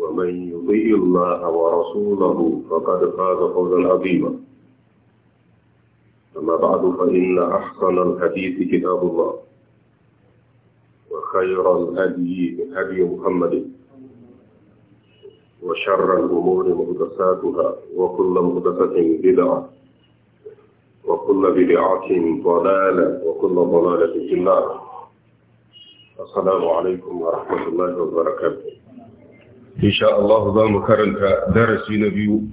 ومن يطيع الله ورسوله فقد فاز فوزا عظيما أما بعد فإن أحسن الحديث كتاب الله وخير الهدي هدي محمد وشر الأمور محدثاتها وكل محدثة بدعة وكل بدعة ضلالة وكل ضلالة في النار السلام عليكم ورحمة الله وبركاته insha Allah za mu karanta darasi na biyu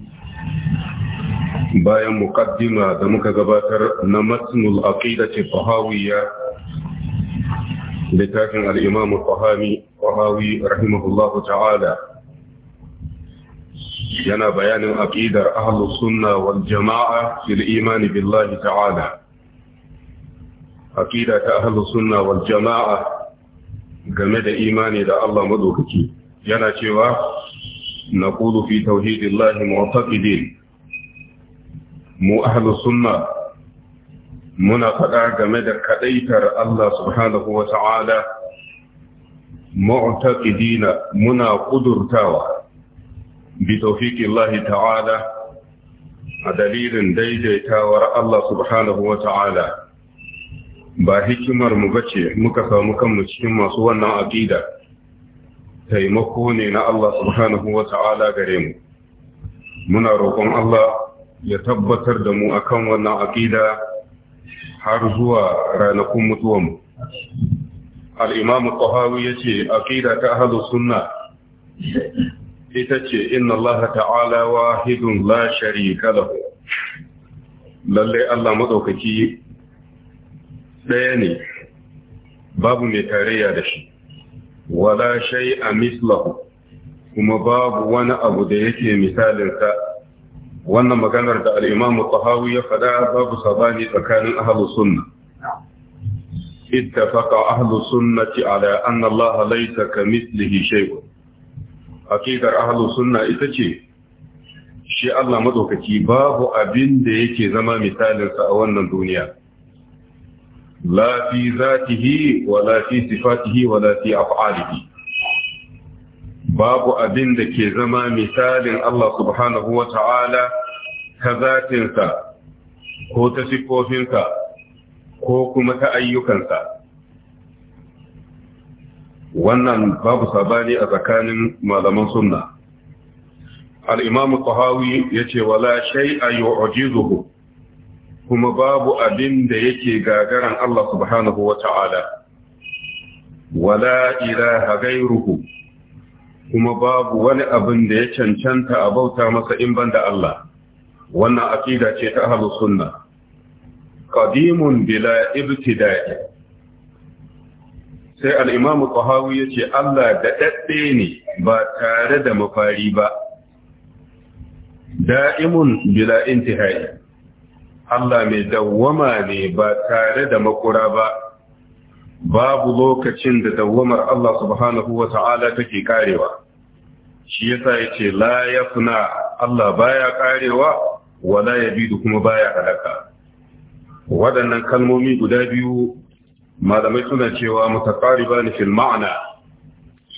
bayan muqaddima da muka gabatar na matnul aqidati tahawiyya littafin al-imam al-fahawi fahawi rahimahullah ta'ala yana bayanin aqidar ahlus sunna wal jama'a fil iman billahi ta'ala aqida ta ahlus sunna wal jama'a game da imani da Allah madaukaki yana cewa naqulu fi tauhidillahi mu'taqidin mu ahlus sunna muna faɗa game da kadaitar Allah subhanahu wa ta'ala mu'taqidina muna kudurtawa bi tawfiqillahi ta'ala a dalilin daidaitawar Allah subhanahu wa ta'ala ba hikimar mu bace muka samu kanmu cikin masu wannan aƙida. taimako ne na Allah subhanahu wa ta'ala gare mu muna roƙon Allah ya tabbatar da mu akan wannan aƙida har zuwa ranakun mutuwanmu al'imamu ƙahawi ya ce aƙida ta halu sunna ita ce inna Allah ta'ala wahidun la sharika lahu lallai Allah maɗaukaki ɗaya ne babu mai tarayya da shi wala a mislahu kuma babu wani abu da yake misalinsa wannan maganar da al'imamu tahawi ya faɗa babu sabani tsakanin ahalu sunna ittafaqa ahalu sunnati ala anna Allah laysa kamithlihi shay'un hakikar ahalu sunna ita ce shi Allah madaukaki babu abin da yake zama misalinsa a wannan duniya لا في ذاته ولا في صفاته ولا في أفعاله باب أبن دكي زما مثال الله سبحانه وتعالى كذاتنسا ko ta siffofinsa ko kuma ta ayyukansa wannan babu sabani a tsakanin malaman sunna al-imam tahawi yace wala shay'a yu'jizuhu kuma babu abin da yake gagaran Allah subhanahu wa ta'ala, wala ilaha gairuhu, kuma babu wani abin da ya cancanta a bauta masa in banda Allah, wannan aƙida ce ta ahalus sunna. Ƙadimun bila ibtida'i. Sai al'imamu Tsohawi ya ce, Allah da ɗaɗɗe ne ba tare da mafari ba, da'imun bila intihai. Allah mai dawwama ne ba tare da makura ba babu lokacin da dawwamar Allah subhanahu wa ta'ala take karewa shi yasa yace la yafna Allah baya karewa wala yabidu kuma baya haɗaka. waɗannan kalmomi guda biyu malamai suna cewa mutaqariban fil ma'na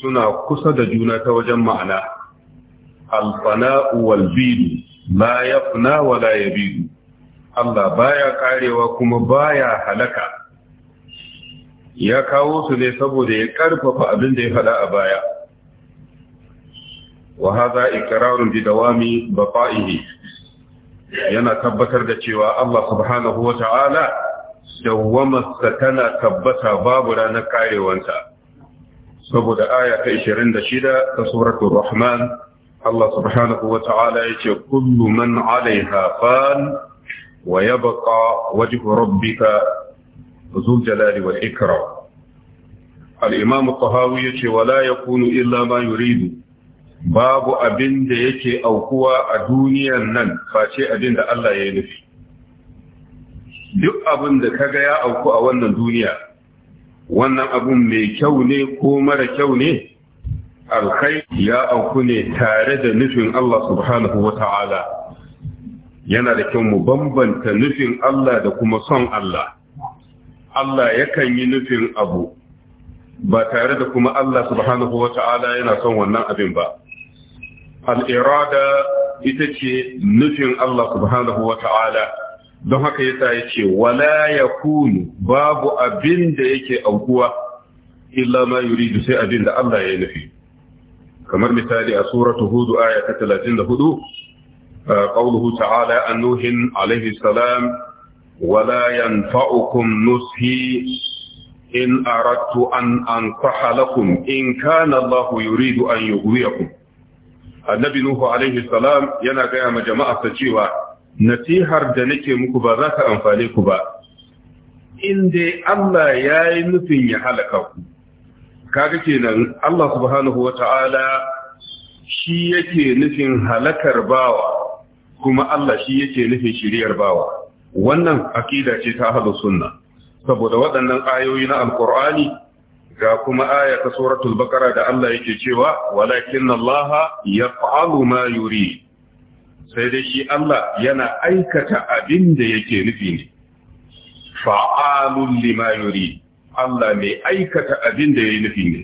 suna kusa da juna ta wajen ma'ana alfana'u fanau wal bidu la yafna wala yabidu Allah baya karewa kuma baya halaka ya kawo su ne saboda ya karfafa abin da ya faɗa a baya wa haza iqrarun bi dawami bafa'ihi yana tabbatar da cewa Allah subhanahu wata'ala dawwamarsa tana tabbata babu ranar karewanta saboda aya ta 26 ta suratul rahman Allah subhanahu wata'ala yace kullu man 'alayha fan baka ويبقى وجه ربك ذو الجلال والإكرام الإمام الطهاوي ولا يكون إلا ما يريد babu abin da yake aukuwa a duniyan nan face abin da Allah ya nufi duk abin da kaga ya auku a wannan duniya wannan abin mai kyau ne ko mara kyau ne alkhairi ya auku ne tare da nufin Allah subhanahu wata'ala yana da kyau mu bambanta nufin Allah da kuma son Allah Allah yakan yi nufin abu ba tare da kuma Allah subhanahu wa ta'ala yana son wannan abin ba al'irada ita ce nufin Allah subhanahu wa ta'ala don haka yasa ya ce wala ya kunu babu abin da yake aukuwa illa ma yuridu sai abin da Allah ya nufi kamar misali a suratu hudu aya ta 34 قوله تعالى عن نوح عليه السلام ولا ينفعكم نصحي إن أردت أن أنصح لكم إن كان الله يريد أن يغويكم annabi Nuhu alaihi salam yana gaya ma jama'a jama'arsa cewa nasihar da nake muku ba za ta amfane ku ba in dai Allah ya yi nufin ya halaka ku kaga kenan Allah subhanahu ta'ala shi yake nufin halakar bawa kuma Allah shi yake nufin shiriyar bawa wannan akida ce ta ahlus sunna saboda waɗannan ayoyi na alqur'ani ga kuma aya ta suratul baqara da Allah yake cewa walakin Allah yaf'alu ma yuri sai dai shi Allah yana aikata abin da yake nufi ne fa'alun lima yuri Allah mai aikata abin da ya nufi ne.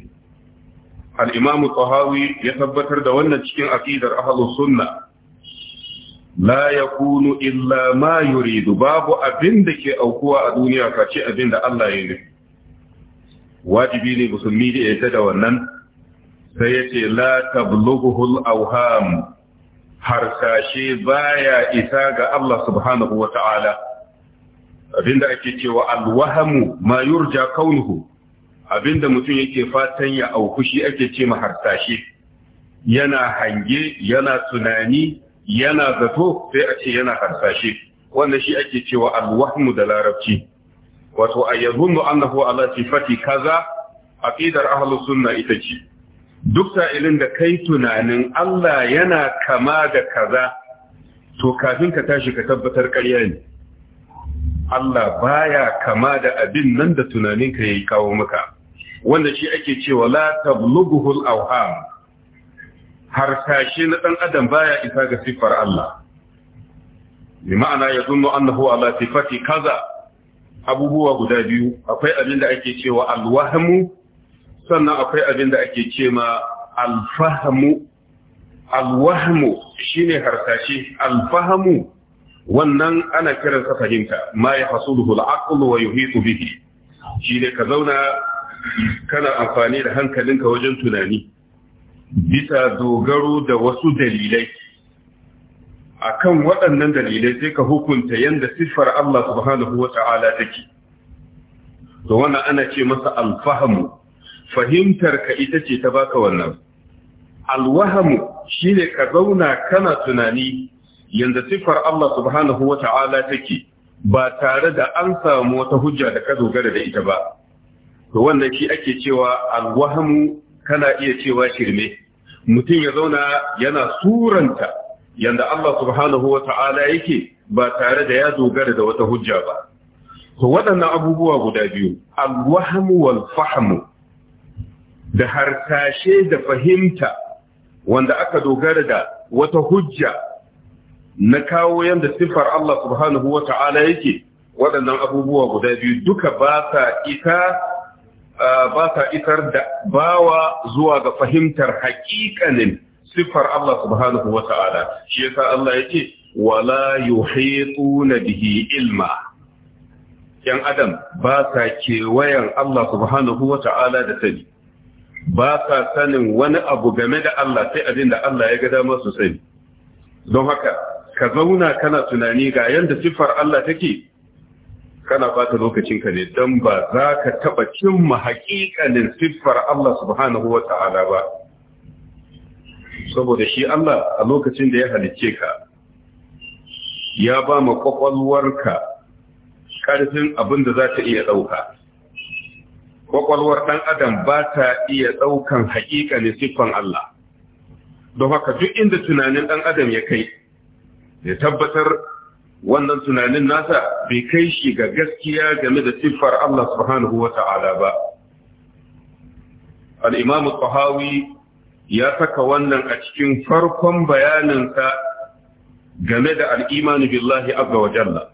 Al'imamu Tsohawi ya tabbatar da wannan cikin aƙidar ahalus sunna la yakunu illa ma yuridu babu abin da ke aukuwa a duniya face abin Allah ya nufi wajibi ne musulmi da ya da wannan sai ya ce la tablughuhul awham harsashe baya isa ga Allah subhanahu wa ta'ala abinda ake cewa alwahamu ma yurja kaunuhu abinda mutum yake fatan ya auku shi ake ce ma harsashe yana hange yana tunani yana zato sai a ce yana harsashe wanda shi ake cewa alwahmu da larabci wato a yazunnu annahu ala sifati kaza aqidar ahlus sunna ita ce duk sa'ilin da kai tunanin Allah yana kama da kaza to kafin ka tashi ka tabbatar ƙarya ne Allah baya kama da abin nan da tunaninka yayi kawo maka wanda shi ake cewa la tablughu al-awham harsashe na ɗan adam baya isa ga siffar Allah bi ma'ana ya zunnu annahu ala sifati kaza abubuwa guda biyu akwai abin da ake cewa alwahmu sannan akwai abin da ake ma alfahmu alwahmu shine harsashe alfahmu wannan ana kiransa fahimta ma ya hasuluhu al wa yuhitu bihi shine ka zauna kana amfani da hankalinka wajen tunani bisa dogaro da wasu dalilai A kan waɗannan dalilai sai ka hukunta yadda siffar Allah subhanahu wa ta'ala take to wannan ana ce masa alfahamu fahimtar ka ita ce ta baka wannan alwahamu shine ka zauna kana tunani Yanzu siffar Allah subhanahu wa ta'ala take ba tare da an samu wata hujja da ka dogara da ita ba to wannan shi ake cewa alwahamu kana iya cewa shirme mutum ya zauna yana suranta yanda Allah subhanahu wa ta'ala yake ba tare da ya dogara da wata hujja ba. To waɗannan abubuwa guda biyu, alwahamu wal fahamu da harkashe da fahimta wanda aka dogara da wata hujja na kawo yadda siffar Allah subhanahu wa ta'ala yake waɗannan abubuwa guda biyu duka ba sa isa ba ta isar da bawa zuwa ga fahimtar haƙiƙanin siffar Allah subhanahu wa ta'ala shi yasa Allah yake wala yuhituna bihi ilma ‘yan adam ba sa kewayen Allah subhanahu wa ta'ala da sani, ba sa sanin wani abu game da Allah sai abin da Allah ya gada masu sani. Don haka, ka zauna kana tunani ga yadda siffar Allah take, kana bata lokacinka ne don ba za ka taɓa cimma haƙiƙanin siffar Allah subhanahu wa ta'ala ba. Saboda shi Allah a lokacin da ya halicce ka, ya ba ma ƙwaƙwalwarka ƙarfin abin da za ta iya ɗauka. Ƙwaƙwalwar ɗan adam ba ta iya ɗaukan haƙiƙanin siffan Allah. Don haka duk inda tunanin ɗan adam ya kai, ya tabbatar wannan tunanin nasa bai kai shi ga gaskiya game da siffar Allah subhanahu wa ta'ala ba. Al'imamu ya saka wannan a cikin farkon bayaninsa game da al'imanu billahi abga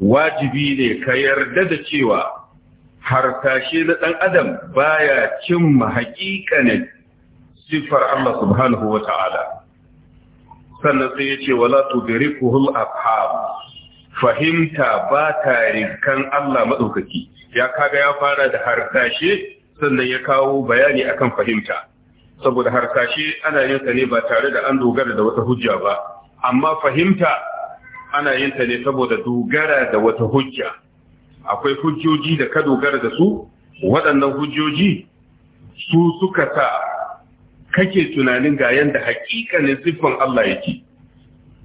Wajibi ne ka yarda da cewa harkashe na ɗan adam baya cimma haƙiƙanin siffar Allah subhanahu wa ta'ala. sannan sai ya ce wala tudrikuhul afham fahimta ba ta rikan Allah madaukaki ya kaga ya fara da harkashe sannan ya kawo bayani akan fahimta saboda harkashe ana yin ta ne ba tare da an dogara da wata hujja ba amma fahimta ana yin ta ne saboda dogara da wata hujja akwai hujjoji da ka dogara da su waɗannan hujjoji su suka sa kake tunanin ga yanda hakikanin siffan Allah yake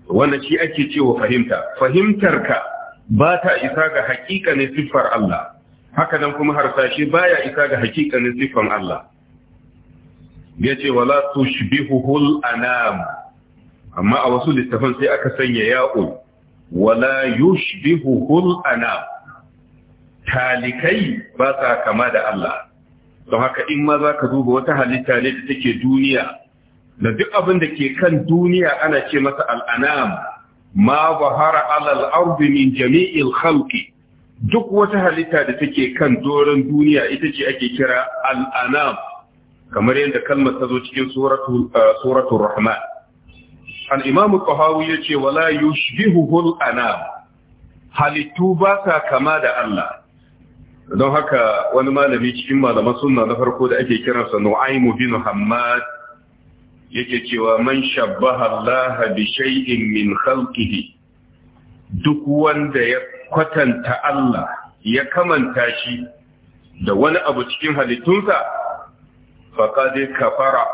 wanda shi ake cewa fahimta fahimtarka ba ta isa ga hakikanin siffar Allah haka nan kuma harsashe baya isa ga hakikanin siffan Allah yace wala tushbihuhul anam amma a wasu littafan sai aka sanya ya'o, wala yushbihuhul anam talikai ba sa kama da Allah don haka in ma za ka duba wata halitta ne da take duniya da duk abin da ke kan duniya ana ce masa al'anam ma bahara alal ardi min jami'il khalqi duk wata halitta da take kan doron duniya ita ce ake kira al'anam kamar yadda kalmar ta zo cikin suratul eh, rahman al'imamu ƙahawu ya ce wala yushbihuhul anam halittu ba sa kama da Allah don haka wani malami cikin malaman sunna na farko da ake kiransa Nu'aimu bin hammad yake cewa man shabbaha Allah bi shay'in min khalqihi duk wanda ya kwatanta Allah ya kamanta shi da wani abu cikin halittunsa faqad kafara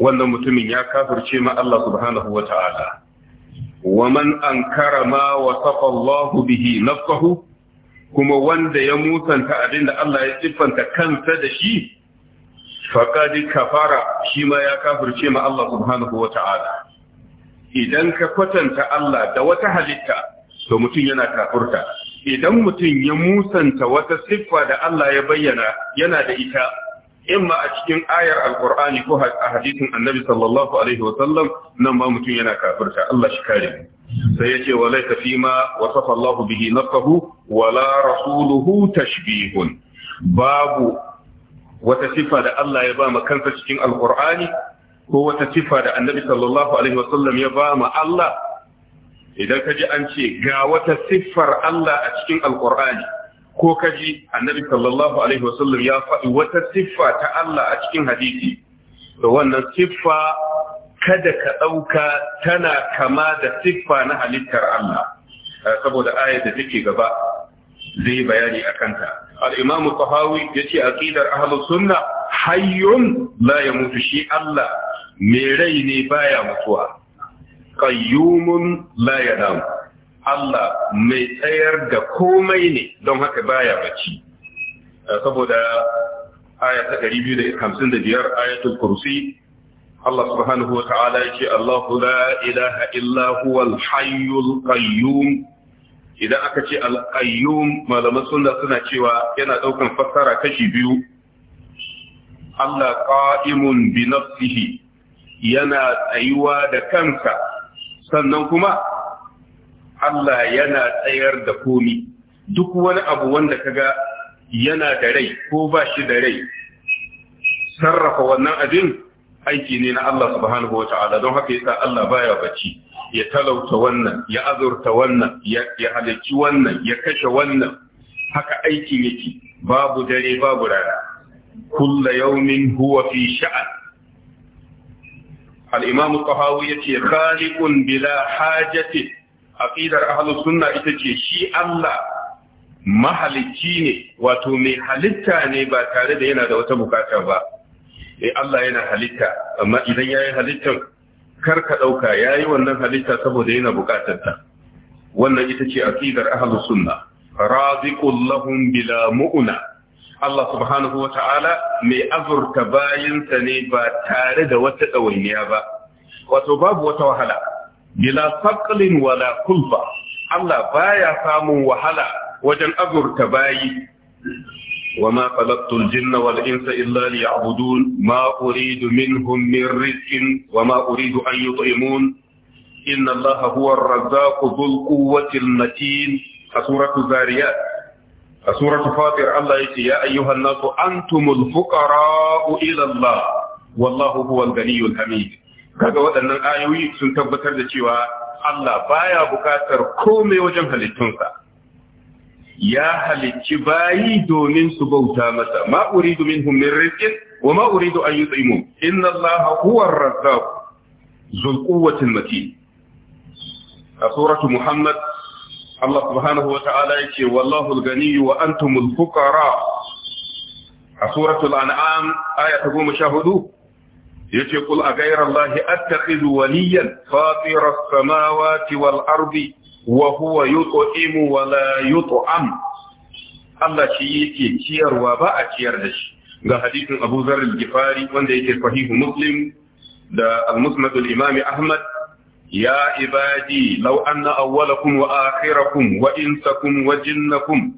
wannan mutumin ya kafirce ma Allah subhanahu ta'ala wa man ankara ma wasafa Allah bihi nafsuhu kuma wanda ya musanta abin da Allah ya siffanta kansa da shi faƙad kafara shi ma ya kafirce ma Allah subhanahu idan ka kwatanta Allah da wata halitta to mutum yana kafurta idan mutum ya musanta wata siffa da Allah ya bayyana yana da ita imma a cikin ayar alqur'ani ko a hadisin annabi sallallahu alaihi wasallam nan ba mutum yana kafurta. Allah shi kare mu sai yace wala ta fi ma wasafa Allahu bihi nafsuhu wala rasuluhu tashbihun babu wata sifa da Allah ya ba kansa cikin alqur'ani ko wata sifa da annabi sallallahu alaihi wasallam ya ba Allah idan kaji an ce ga wata siffar Allah a cikin alqur'ani ko kaji annabi sallallahu alaihi wasallam ya faɗi wata siffa ta Allah a cikin hadisi to wannan siffa kada ka ɗauka tana kama da siffa na halittar Allah saboda ayar da take gaba zai bayani a kanta al'imamu kwahawi ya ce aƙidar ahalus sunna hayyun la ya mutu shi Allah mai rai ne baya mutuwa ƙayyumun la ya Allah mai tsayar da komai ne don haka baya bacci saboda aya ta 255 ayatul kursi Allah subhanahu wa ta'ala yake Allahu la ilaha illa huwal hayyul qayyum idan aka ce al-qayyum malaman sunna suna cewa yana daukan fassara kashi biyu Allah qa'imun bi nafsihi yana tsayuwa da kansa sannan kuma Allah yana tsayar da komi duk wani abu wanda kaga yana da rai ko ba shi da rai sarrafa wannan abin aiki ne na Allah subhanahu wata'ala don haka yasa Allah baya bacci ya talauta wannan ya azurta wannan ya halicci wannan ya kashe wannan haka aikin yake babu dare babu rana kulla yaumin huwa fi sha'an al-imam qahawi yace khaliqun bila hajati aqidar ahlus sunna ita ce shi Allah mahalicci ne wato mai halitta ne ba tare da yana da wata bukata ba e Allah yana halitta amma idan yi halittar kar ka dauka yayi wannan halitta saboda yana bukatar ta wannan ita ce aqidar ahlus sunna raziqul lahum bila mu'na Allah subhanahu wa ta'ala mai azurta bayinsa ne ba tare da wata ɗawainiya ba, wato babu wata wahala, bila saƙalin wala kulfa, Allah baya samun wahala wajen azurta bayi, وما خلقت الجن والإنس إلا ليعبدون ما أريد منهم من رزق وما أريد أن يطعمون إن الله هو الرزاق ذو القوة المتين سورة الزاريات سورة فاطر الله يتي يا أيها الناس أنتم الفقراء إلى الله والله هو الغني الحميد kaga waɗannan ayoyi sun tabbatar da cewa Allah baya buƙatar komai wajen halittunsa ya halicci bayi domin su bauta masa ma uridu minhum min rizqin wa ma uridu an yut'imun inna allaha huwa ar-razzaq zul quwwati al-matin a suratu muhammad Allah subhanahu wa ta'ala yace wallahu al-ghani wa antumul fuqara a suratul an'am goma sha 14 yace qul a ghayra allahi attakhidhu waliyan fatira as-samawati wal ardi وهو يطعم ولا يطعم الله شيء كثير وباء كثير دش حديث أبو ذر الجفاري وندى الصحيح مسلم دا المسند الإمام أحمد يا عبادي لو أن أولكم وآخركم وإنسكم وجنكم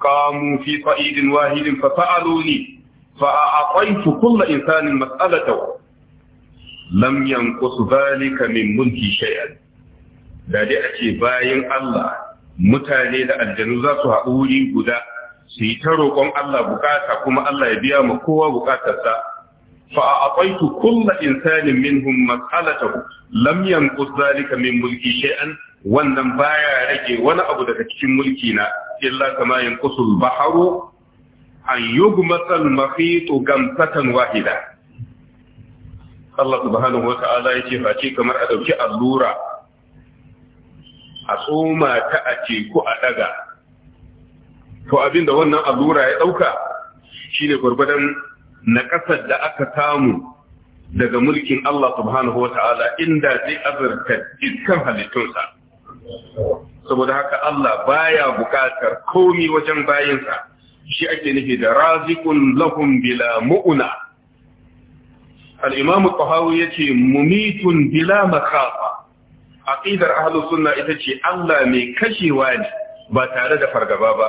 قاموا في صعيد واحد فسألوني فأعطيت كل إنسان مسألته لم ينقص ذلك من ملكي شيئا da dai a ce Allah mutane da aljanu za su haɗu wuri guda su yi ta roƙon Allah bukata kuma Allah ya biya ma kowa bukatarsa fa a'taitu kulla insanin minhum lamyan lam yanqus zalika min mulki shay'an wannan baya rage wani abu daga cikin mulki na illa kama yanqusul baharu an yugmasal mahitu gamsatan wahida Allah subhanahu wa ta'ala yace face kamar a dauki allura a tsoma ta a teku a daga to abinda wannan allura ya ɗauka, shine gurgurdan na kasar da aka samu daga mulkin Allah subhanahu wata'ala inda zai azurta iskan halittunsa saboda haka Allah baya buƙatar komi wajen bayinsa shi ake nufi da razikun lahum bila mu'una al-imam tahawi yace mumitun bila makafa aqidar ahlus sunna ita ce Allah mai kashewa ne ba tare da fargaba ba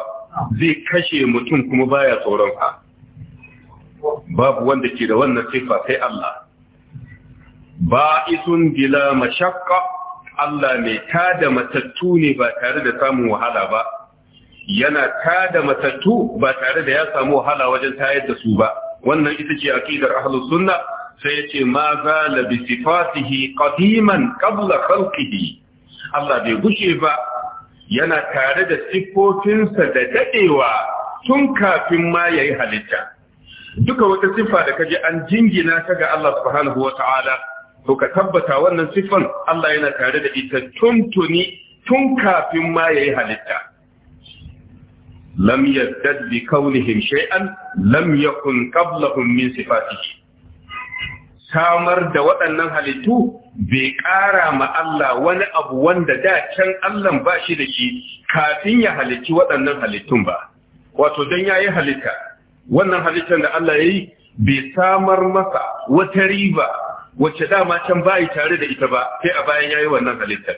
zai kashe mutum kuma baya tsoron fa babu wanda ke da wannan sifa sai Allah ba'isun bila mashaqqa Allah mai tada matattu ne ba tare da samun wahala ba yana tada matattu ba tare da ya samu wahala wajen tayar da su ba wannan ita ce aqidar ahlus sunna sai ya ce ma zala bi sifatihi qadiman qabla khalqihi Allah bai gushe ba yana tare da siffofinsa da dadewa tun kafin ma yayi halitta duka wata siffa da kaje an jingina ta ga Allah subhanahu wata'ala to ka tabbata wannan siffan Allah yana tare da ita tuntuni tun kafin ma yayi halitta lam yaddad bi kaunihim shay'an lam yakun qablahum min sifatihi samar da waɗannan halittu bai ƙara ma Allah wani abu wanda da can Allah ba shi da shi kafin ya halitti waɗannan halittun ba. Wato don ya yi halitta, wannan halittar da Allah ya yi bai samar masa wata riba wacce dama can yi tare da ita ba sai a bayan ya yi wannan halittar.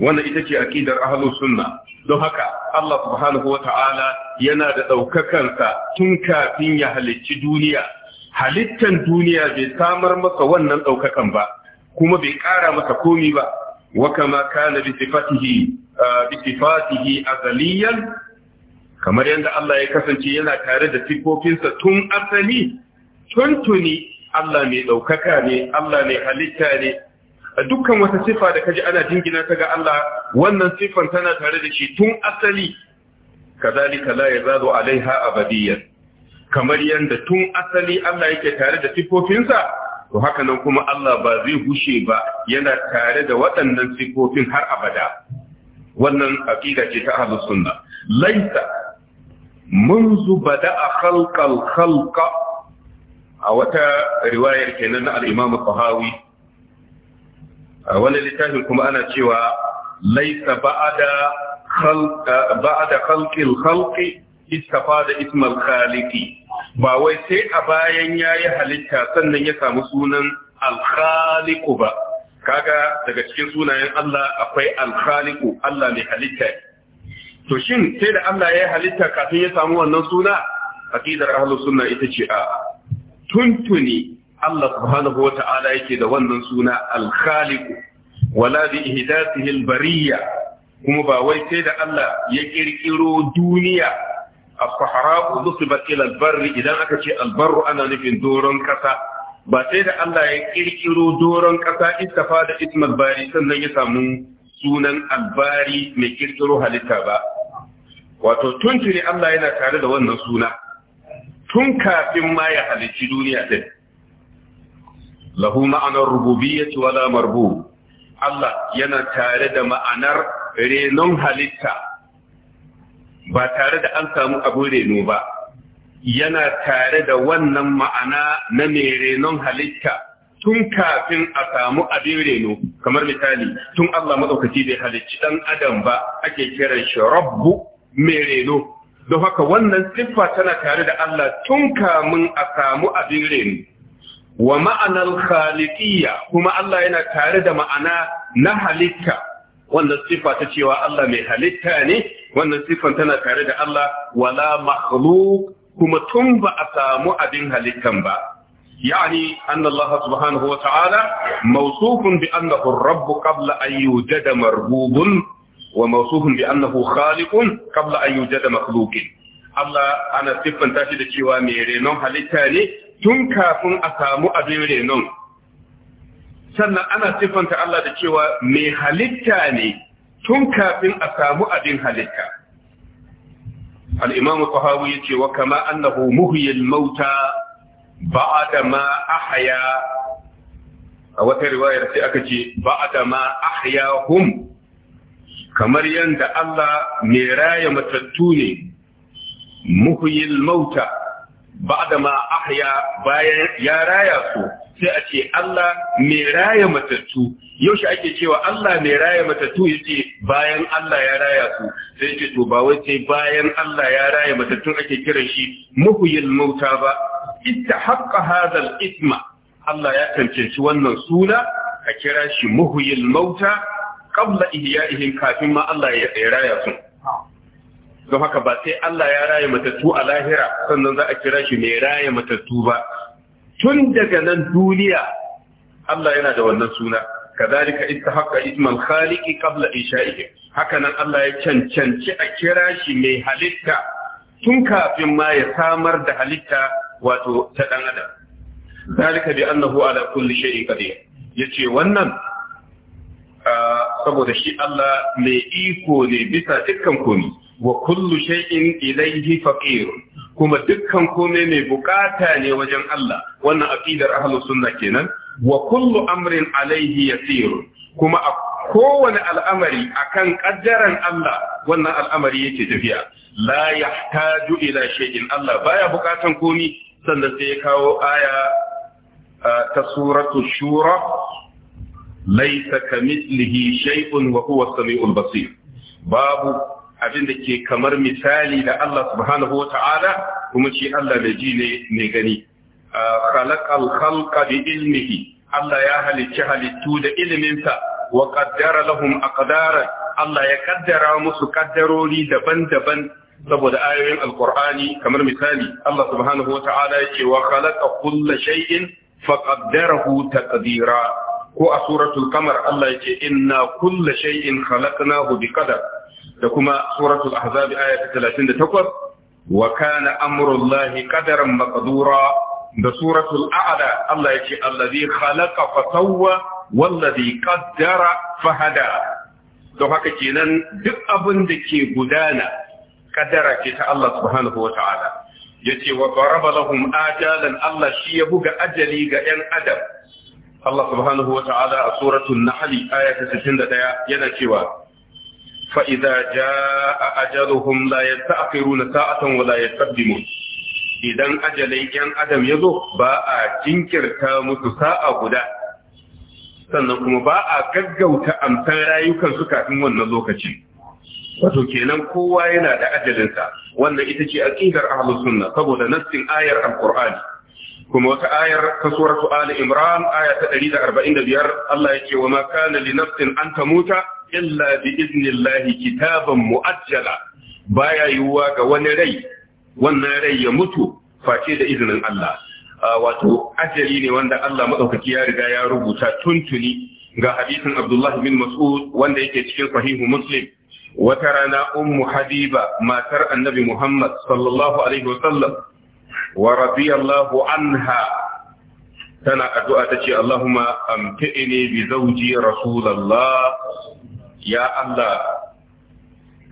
Wannan ita ce aƙidar ahalu sunna. Don haka Allah subhanahu wa ta'ala yana da ɗaukakansa tun kafin ya halicci duniya. halittan duniya bai samar masa wannan ɗaukakan ba kuma bai ƙara masa komi ba wa kama kana bi sifatihi azaliyan kamar yadda Allah ya kasance yana tare da sifofinsa tun asali tuntuni Allah mai ɗaukaka ne Allah mai halitta ne dukkan wata sifa da kaji ana jingina ta ga Allah wannan sifan tana tare da shi tun asali kazalika la yazalu alaiha abadiyan kamar yadda tun asali Allah yake tare da sifofinsa to haka nan kuma Allah ba zai bushe ba yana tare da waɗannan sifofin har abada wannan aqida ce ta ahlus sunna laita منذ a خلق الخلق a wata riwayar kenan na al-Imam wani littafin kuma ana cewa laisa ba'ada ba'ada khalqil khalqi istafa da ismal khaliki ba wai sai a bayan yayi halitta sannan ya samu sunan al ba kaga daga cikin sunayen Allah akwai al-khaliqu Allah mai halitta to shin sai da Allah ya yi halitta kafin ya samu wannan suna aqidar ahlus sunna ita ce a tuntuni Allah subhanahu wata'ala yake da wannan suna al wala bi ihdathihi al-bariyya kuma ba wai sai da Allah ya kirkiro duniya as-sahra'u nusibat ila al idan aka ce albarru ana nufin doron kasa ba sai da Allah ya kirkiro doron kasa istafa da ismal bari sannan ya samu sunan albari mai kirkiro halitta ba wato tuntuni Allah yana tare da wannan suna tun kafin ma ya halicci duniya din lahu ma'anar rububiyyati wala marbu Allah yana tare da ma'anar renon halitta ba tare da an samu abin reno ba yana tare da wannan ma'ana na mai renon halitta tun kafin a samu abin reno kamar misali tun Allah maɗaukaki bai halicci ɗan adam ba ake kiran shi rabbu mai reno don haka wannan siffa tana tare da Allah tun kamin a samu abin reno wa ma'anar khaliqiyya kuma Allah yana tare da ma'ana na halitta wannan siffa ta cewa Allah mai halitta ne wannan siffan tana tare da Allah wala makhluq kuma tun ba a samu abin halittan ba yani anna Allah subhanahu wa ta'ala mawsufun bi annahu ar-rabb qabla an yujada marbubun wa mawsufun bi annahu khaliqun qabla an yujada makhluqin Allah ana siffanta shi da cewa mai renon halitta ne tun kafin a samu abin renon sannan ana sifanta Allah da cewa mai halitta ne tun kafin a samu abin halitta al-imam ya yace wa kama annahu muhyil mauta ba'da ma haya. a wata riwayar sai aka ce ba'da ma ahyahum kamar yadda Allah mai raya matattu ne mauta ba'da ma haya bayan ya raya su sai a ce Allah mai raya matattu yaushe ake cewa Allah mai raya matattu yace bayan Allah ya raya su sai yace to ba wai sai bayan Allah ya raya matattu ake kiran shi muhyil mauta ba istahaqqa hadha al-isma Allah ya cancanci wannan suna a kira shi muhyil mauta qabla ihya'ihim kafin ma Allah ya raya su don haka ba sai Allah ya raya matattu a lahira sannan za a kira shi mai raya matattu ba tun daga nan duniya Allah yana da wannan suna kadhalika istahaqqa ismal khaliqi qabla isha'ihi haka nan Allah ya cancanci a kira shi mai halitta tun kafin ma ya samar da halitta wato ta dan adam zalika bi annahu ala kulli shay'in qadir yace wannan saboda shi Allah mai iko ne bisa dukkan komi wa kullu shay'in ilayhi faqir kuma dukkan komai mai buƙata ne wajen Allah wannan aqidar ahlus sunna kenan wa kullu amrin alaihi Yasiru, kuma a kowane al'amari akan kaddaran Allah wannan al'amari yake tafiya la yahtaju ila shay'in Allah baya bukatan komi sannan sai ya kawo aya ta suratu shura laisa kamithlihi shay'un wa huwa as-sami'ul basir babu abin da ke kamar misali da Allah subhanahu wa ta'ala kuma shi Allah mai ji ne mai gani khalaqal khalqa bi ilmihi Allah ya halicci halittu da iliminsa wa qaddara lahum aqdara Allah ya ƙaddara musu ƙaddarori daban-daban saboda ayoyin alqur'ani kamar misali Allah subhanahu wata'ala yake wa khalaqa kulla shay'in fa qaddarahu taqdira ko a suratul kamar Allah yake inna kulla shay'in khalaqnahu bi qadar da kuma suratul ahzab aya 38 wa kana amrullahi qadaran maqdura da suratul a'ada, Allah yake allazi khalaqa fa sawwa wallazi qaddara fa hada to haka kenan duk abin da ke gudana kadara ce ta Allah subhanahu wa ta'ala yace wa daraba lahum ajalan Allah shi ya buga ajali ga yan adam Allah subhanahu wa ta'ala a suratul nahl aya ta 61 yana cewa fa idza jaa ajaluhum la yasta'khiruna sa'atan wa la yastaqdimun idan ajalin ‘yan adam ya zo ba a jinkirta musu sa'a guda sannan kuma ba a gaggauta amsar rayukansu kafin wannan lokaci wato kenan kowa yana da ajalinsa wannan ita ce aqidar ahlus sunna saboda nassin ayar alqur'ani kuma wata ayar ta suratu ali imran aya ta 145 Allah yake wa ma kana li nafsin an tamuta illa bi idnillahi kitaban muajjala baya yiwuwa ga wani rai wannan rai ya mutu face da izinin Allah wato ajali ne wanda Allah madaukaki ya riga ya rubuta tuntuni ga hadisin Abdullah bin Mas'ud wanda yake cikin sahihu Muslim wata rana ummu Habiba matar Annabi Muhammad sallallahu alaihi wasallam wa radiyallahu anha tana addu'a tace Allahumma amti'ini bi zawji Rasulullah ya Allah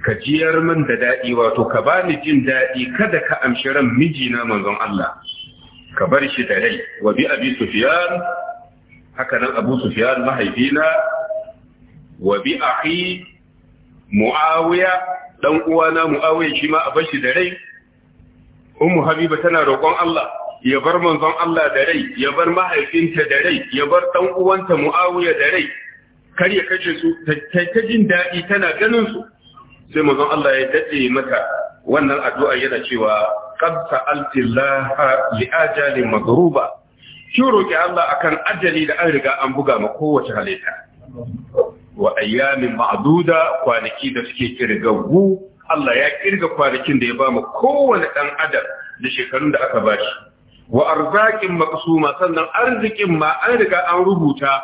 ka jiyar min da daɗi wato ka ba ni jin daɗi kada ka amshi ran mijina manzon Allah ka bar shi da rai wa bi abi sufyan haka nan abu sufyan mahaifina wa bi ahi muawiya dan uwana muawiya shi ma a bar shi da rai ummu habiba tana roƙon Allah ya bar manzon Allah da rai ya bar mahaifinta da rai ya bar dan uwanta muawiya da rai kar ya kashe su ta jin daɗi tana ganin su sai mazan Allah ya daɗe mata wannan addu'a yana cewa qad sa'altillaha li ajalin ki roƙi Allah akan ajali da an riga an buga ma kowace halitta wa ayyamin ma'duda kwanaki da suke kirgagu Allah ya kirga kwanakin da ya ba mu kowane ɗan adam da shekarun da aka ba shi wa arzakin maksuma sannan arzikin ma an riga an rubuta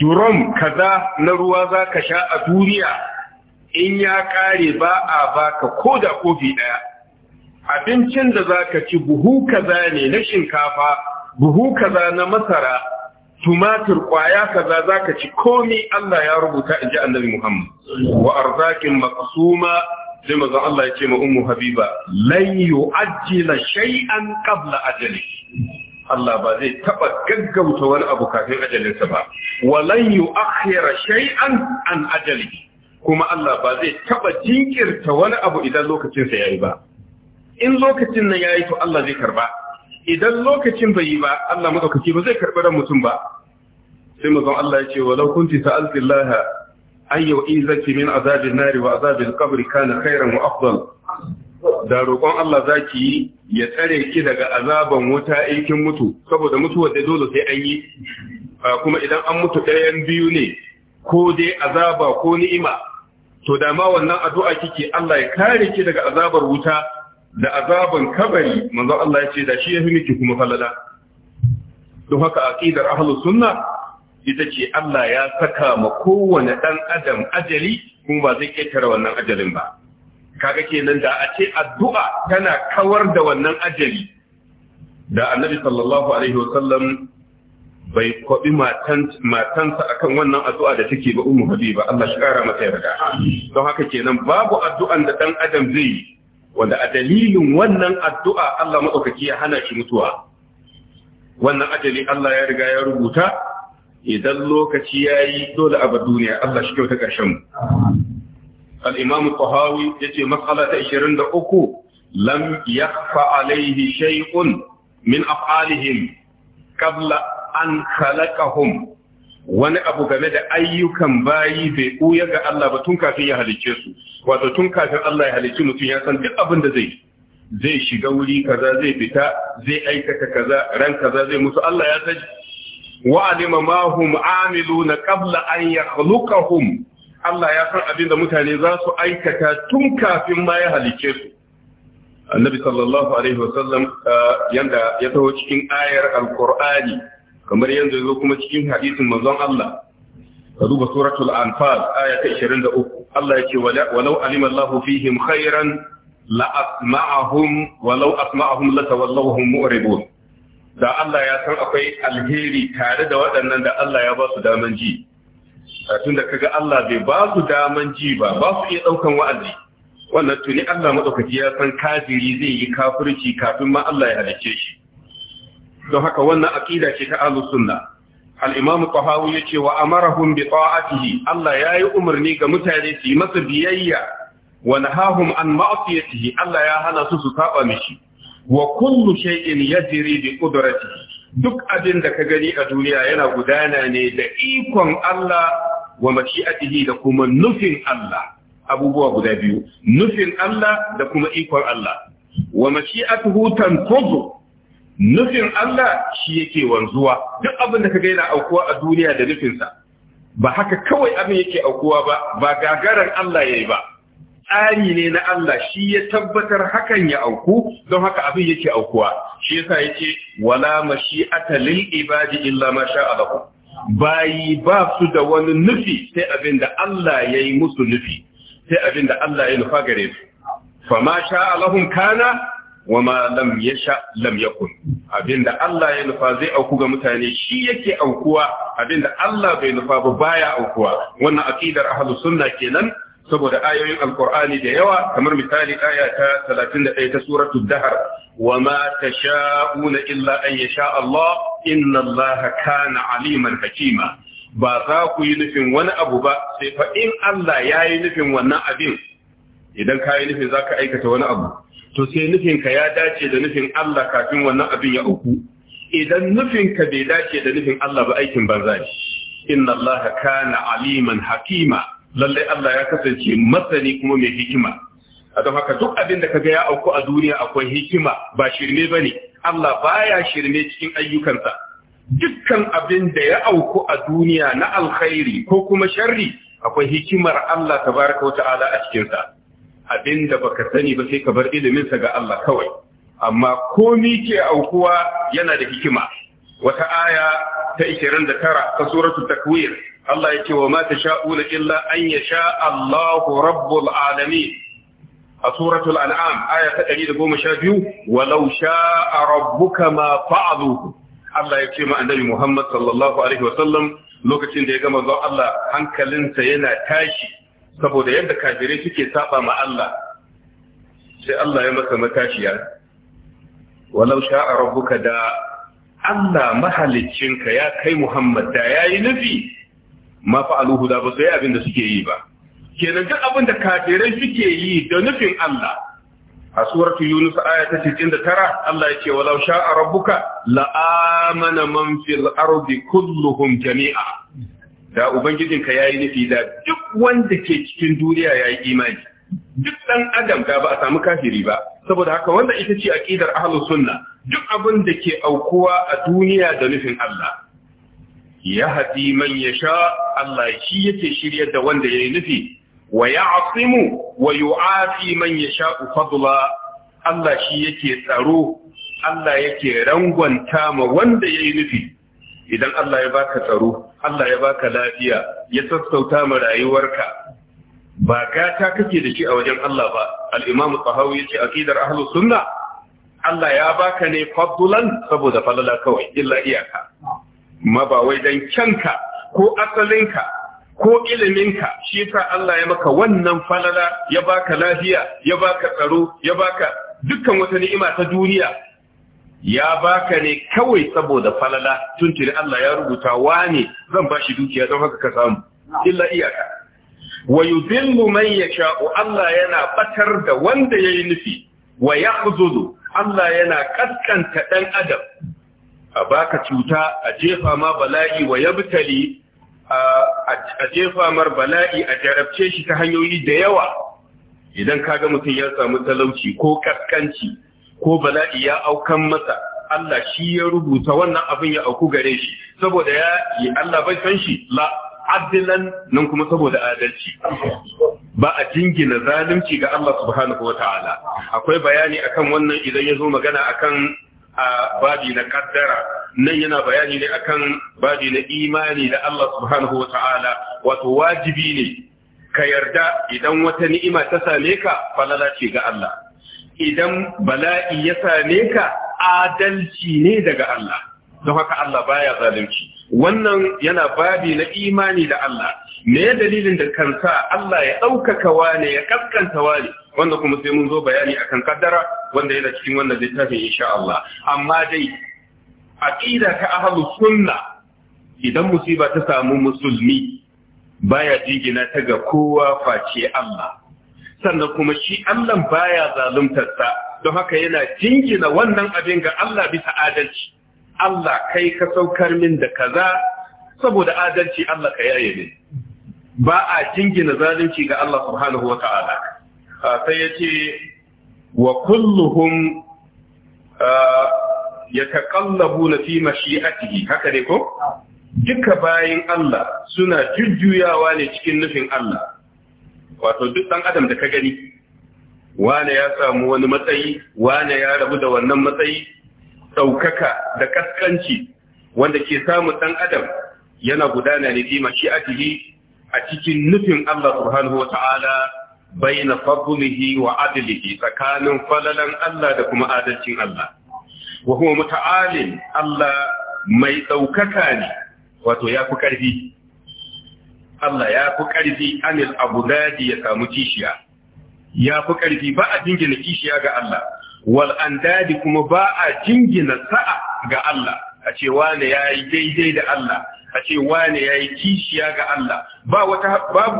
durom kaza na ruwa za ka sha a duniya in ya kare ba a baka ko da kofi ɗaya abincin da za ka ci buhu kaza ne na shinkafa buhu kaza na masara tumatir kwaya kaza za ka ci komi Allah ya rubuta in ji annabi Muhammad wa arzakin maqsuma sai maza Allah ya ce ma ummu habiba lan yu'ajjila shay'an qabla ajali Allah ba zai taba gaggauta wani abu kafin ajalinsa ba wa lan yu'akhkhira shay'an an ajali kuma Allah ba zai taɓa jinkirta wani abu idan lokacin sa yayi ba in lokacin nan yayi to Allah zai karba idan lokacin bai yi ba Allah madaukaki ba zai karba ran mutum ba sai manzon Allah ya ce walau kunti sa'alti Allah an min azabin nari wa azabil qabr kana khairan wa afdal da roƙon Allah zaki yi ya tsare ki daga azaban wuta in mutu saboda mutuwar da dole sai an yi kuma idan an mutu ɗayan biyu ne ko dai azaba ko ni'ima to da ma wannan addu'a kike Allah ya kare ki daga azabar wuta da azaban kabari manzo Allah ya ce da shi yafi miki kuma falala don haka aqidar ahlus sunna ita ce Allah ya saka ma kowane dan adam ajali kuma ba zai ketare wannan ajalin ba kaga kenan da a ce addu'a tana kawar da wannan ajali da annabi sallallahu alaihi wasallam bai kwaɓi matansa akan wannan addu'a da take ba umu habiba Allah shi kara mata yarda don haka kenan babu addu'an da dan adam zai yi wanda a dalilin wannan addu'a Allah maɗaukaki ya hana shi mutuwa wannan ajali Allah ya riga ya rubuta idan lokaci yayi dole a duniya Allah shi kyauta ƙarshen mu al-Imam ya yace matsala ta 23 lam ya alayhi shay'un min af'alihim qabla an khalaqahum wani abu game da ayyukan bayi bai ɓuya ga Allah ba tun kafin ya halicce su wato tun kafin Allah ya halicci mutum ya san duk abin da zai zai shiga wuri kaza zai fita zai aikata kaza ran kaza zai musu Allah ya san wa alima ma hum amiluna qabla an yakhluqahum Allah ya san abin da mutane za su aikata tun kafin ma ya halicce su annabi sallallahu alaihi wasallam uh, yanda ya taho cikin ayar alqur'ani kamar yanzu zo kuma cikin hadisin manzon Allah ka duba suratul anfal aya ta 23 Allah yake walau alima Allah fihim khairan la asma'ahum walau asma'ahum latawallawhum mu'ribun da Allah ya san akwai alheri tare da waɗannan da Allah ya ba su daman ji tun da kaga Allah bai ba su daman ji ba ba su iya ɗaukan wa'azi wannan tuni Allah maɗaukaki ya san kafiri zai yi kafirci kafin ma Allah ya halicce shi don haka wannan aqida ce ta ahlus sunna al-imam tahawi yace wa amarahum bi ta'atihi Allah yayi umarni ga mutane su yi masa biyayya wa nahahum an ma'siyatihi Allah ya hana su su saba mishi wa kullu shay'in yajri bi qudratihi duk abin da ka gani a duniya yana gudana ne da ikon Allah wa mashi'atihi da kuma nufin Allah abubuwa guda biyu nufin Allah da kuma ikon Allah wa mashi'atuhu tanfudu nufin Allah shi yake wanzuwa duk abin da kaga yana aukuwa a duniya da nufinsa ba haka kawai abin yake aukuwa ba ba gagaran Allah yayi ba tsari ne na Allah shi ya tabbatar hakan ya auku don haka abin yake aukuwa shi yasa yake wala mashi'ata lil ibadi illa ma sha'a Ba bayi ba su da wani nufi sai abin da Allah yayi musu nufi sai abin da Allah ya nufa gare su ma sha Allah kana wama lam yasha lam yakun abinda Allah ya nufa zai auku ga mutane shi yake aukuwa abinda Allah bai nufa ba baya aukuwa wannan aqidar ahlus sunna kenan saboda ayoyin alqur'ani da yawa kamar misali aya ta 31 ta suratu dahr wama tasha'una illa an yasha Allah inna Allah kana aliman hakima ba za ku yi nufin wani abu ba sai fa in Allah ya yi nufin wannan abin idan ka yi nufin za ka aikata wani abu to sai nufinka ya dace da nufin Allah kafin wannan abin ya uku idan nufinka bai dace da nufin Allah ba aikin banza ne inna Allah kana aliman hakima lalle Allah ya kasance masani kuma mai hikima don haka duk abin da kaga ya auku a duniya akwai hikima ba shirme bane Allah baya shirme cikin ayyukansa dukkan abin da ya auku a duniya na alkhairi ko kuma sharri akwai hikimar Allah tabaraka wa ta'ala a cikinsa abinda baka sani ba sai ka bar ilimin sa ga Allah kawai amma komi ke aukuwa yana da hikima wata aya ta 29 ta suratu takwir Allah ya ce wa ma sha'ula illa an sha Allahu rabbul alamin a suratul an'am aya ta 112 walau sha'a rabbuka ma fa'aluhu Allah ya ce ma annabi Muhammad sallallahu alaihi wasallam lokacin da ya gama manzon Allah hankalinsa yana tashi saboda yadda kafirai suke saba ma Allah sai Allah ya masa matashiya walau sha'a rabbuka da Allah ka ya kai Muhammad da yayi nufi ma fa'aluhu da ba sai abin da suke yi ba kenan duk abin da kafirai suke yi da nufin Allah a suratu Yunus aya ta 69 Allah ya ce walau sha'a rabbuka la amana man fil ardi kulluhum jami'a da ubangijinka ya yi nufi da duk wanda ke cikin duniya ya yi imani duk ɗan adam da ba a samu kafiri ba saboda haka wanda ita ce aƙidar ahlus sunna duk abin da ke aukuwa a duniya da nufin Allah ya hadi man Allah shi yake shiryar da wanda yayi nufi wa asimu? wa yu'afi man sha fadla Allah shi yake tsaro Allah yake rangwanta ma wanda yayi nufi idan Allah ya baka tsaro Allah ya baka lafiya ya sassauta ma rayuwarka ba gata kake da shi a wajen Allah ba al tsahau ya ce aqidar ahlus sunna Allah ya baka ne fadlan saboda falala kawai illa iyaka ma ba wai dan kyanka ko asalinka ko iliminka shi yasa Allah ya maka wannan falala ya baka lafiya ya baka tsaro ya baka dukkan wata ni'ima ta duniya ya baka ne kawai saboda falala tuntuni Allah ya rubuta wane zan bashi dukiya don haka ka samu illa iyaka wa yudillu man yasha'u Allah yana batar da wanda yayi nufi wa yaqzudu Allah yana kaskanta dan adam a baka cuta a jefa ma bala'i wa yabtali a jefa mar bala'i a jarabce shi ta hanyoyi da yawa idan kaga mutum ya samu talauci ko kaskanci ko bala'i ya aukan masa Allah shi ya rubuta wannan abin ya auku gare shi saboda ya yi Allah bai san shi la adilan nan kuma saboda adalci ba a jingina zalunci ga Allah subhanahu wata'ala akwai bayani akan wannan idan ya zo magana akan a babi na kaddara nan yana bayani ne akan babi na imani da Allah subhanahu wata'ala wato wajibi ne ka yarda idan wata ni'ima ta same ka falala ce ga Allah idan bala'i ya same ka adalci ne daga Allah don haka Allah baya zalunci wannan yana babi na imani da Allah me dalilin da kansa Allah ya ɗaukaka wane ya kaskanta wane wanda kuma sai mun zo bayani akan kaddara wanda yana cikin wannan littafin insha Allah amma dai aƙida ta ahalu sunna idan musiba ta samu musulmi baya jigina ta ga kowa face Allah sannan kuma shi Allah baya zaluntarsa don haka yana jingina wannan abin ga Allah bisa adalci Allah kai ka saukar min da kaza saboda adalci Allah ka yaye min ba a jingina zalunci ga Allah subhanahu wa ta'ala sai yace wa kulluhum yataqallabuna fi ciki, haka ne ko duka bayin Allah suna jujjuyawa ne cikin nufin Allah wato duk ɗan adam da ka gani wane ya samu wani matsayi wane ya rabu da wannan matsayi ɗaukaka da ƙasƙanci wanda ke samu ɗan adam yana gudana ne fi mashi'atihi a cikin nufin Allah subhanahu wa ta'ala baina fadlihi wa adlihi tsakanin falalan Allah da kuma adalcin Allah wa huwa muta'alin Allah mai ɗaukaka ne wato ya fi ƙarfi Allah ya fi ƙarfi anil abu daji ya samu kishiya ya fi ƙarfi ba a jingina kishiya ga Allah wal an daji kuma ba a jingina sa'a ga Allah a ce wane ya yi daidai da Allah a ce wane ya yi kishiya ga Allah babu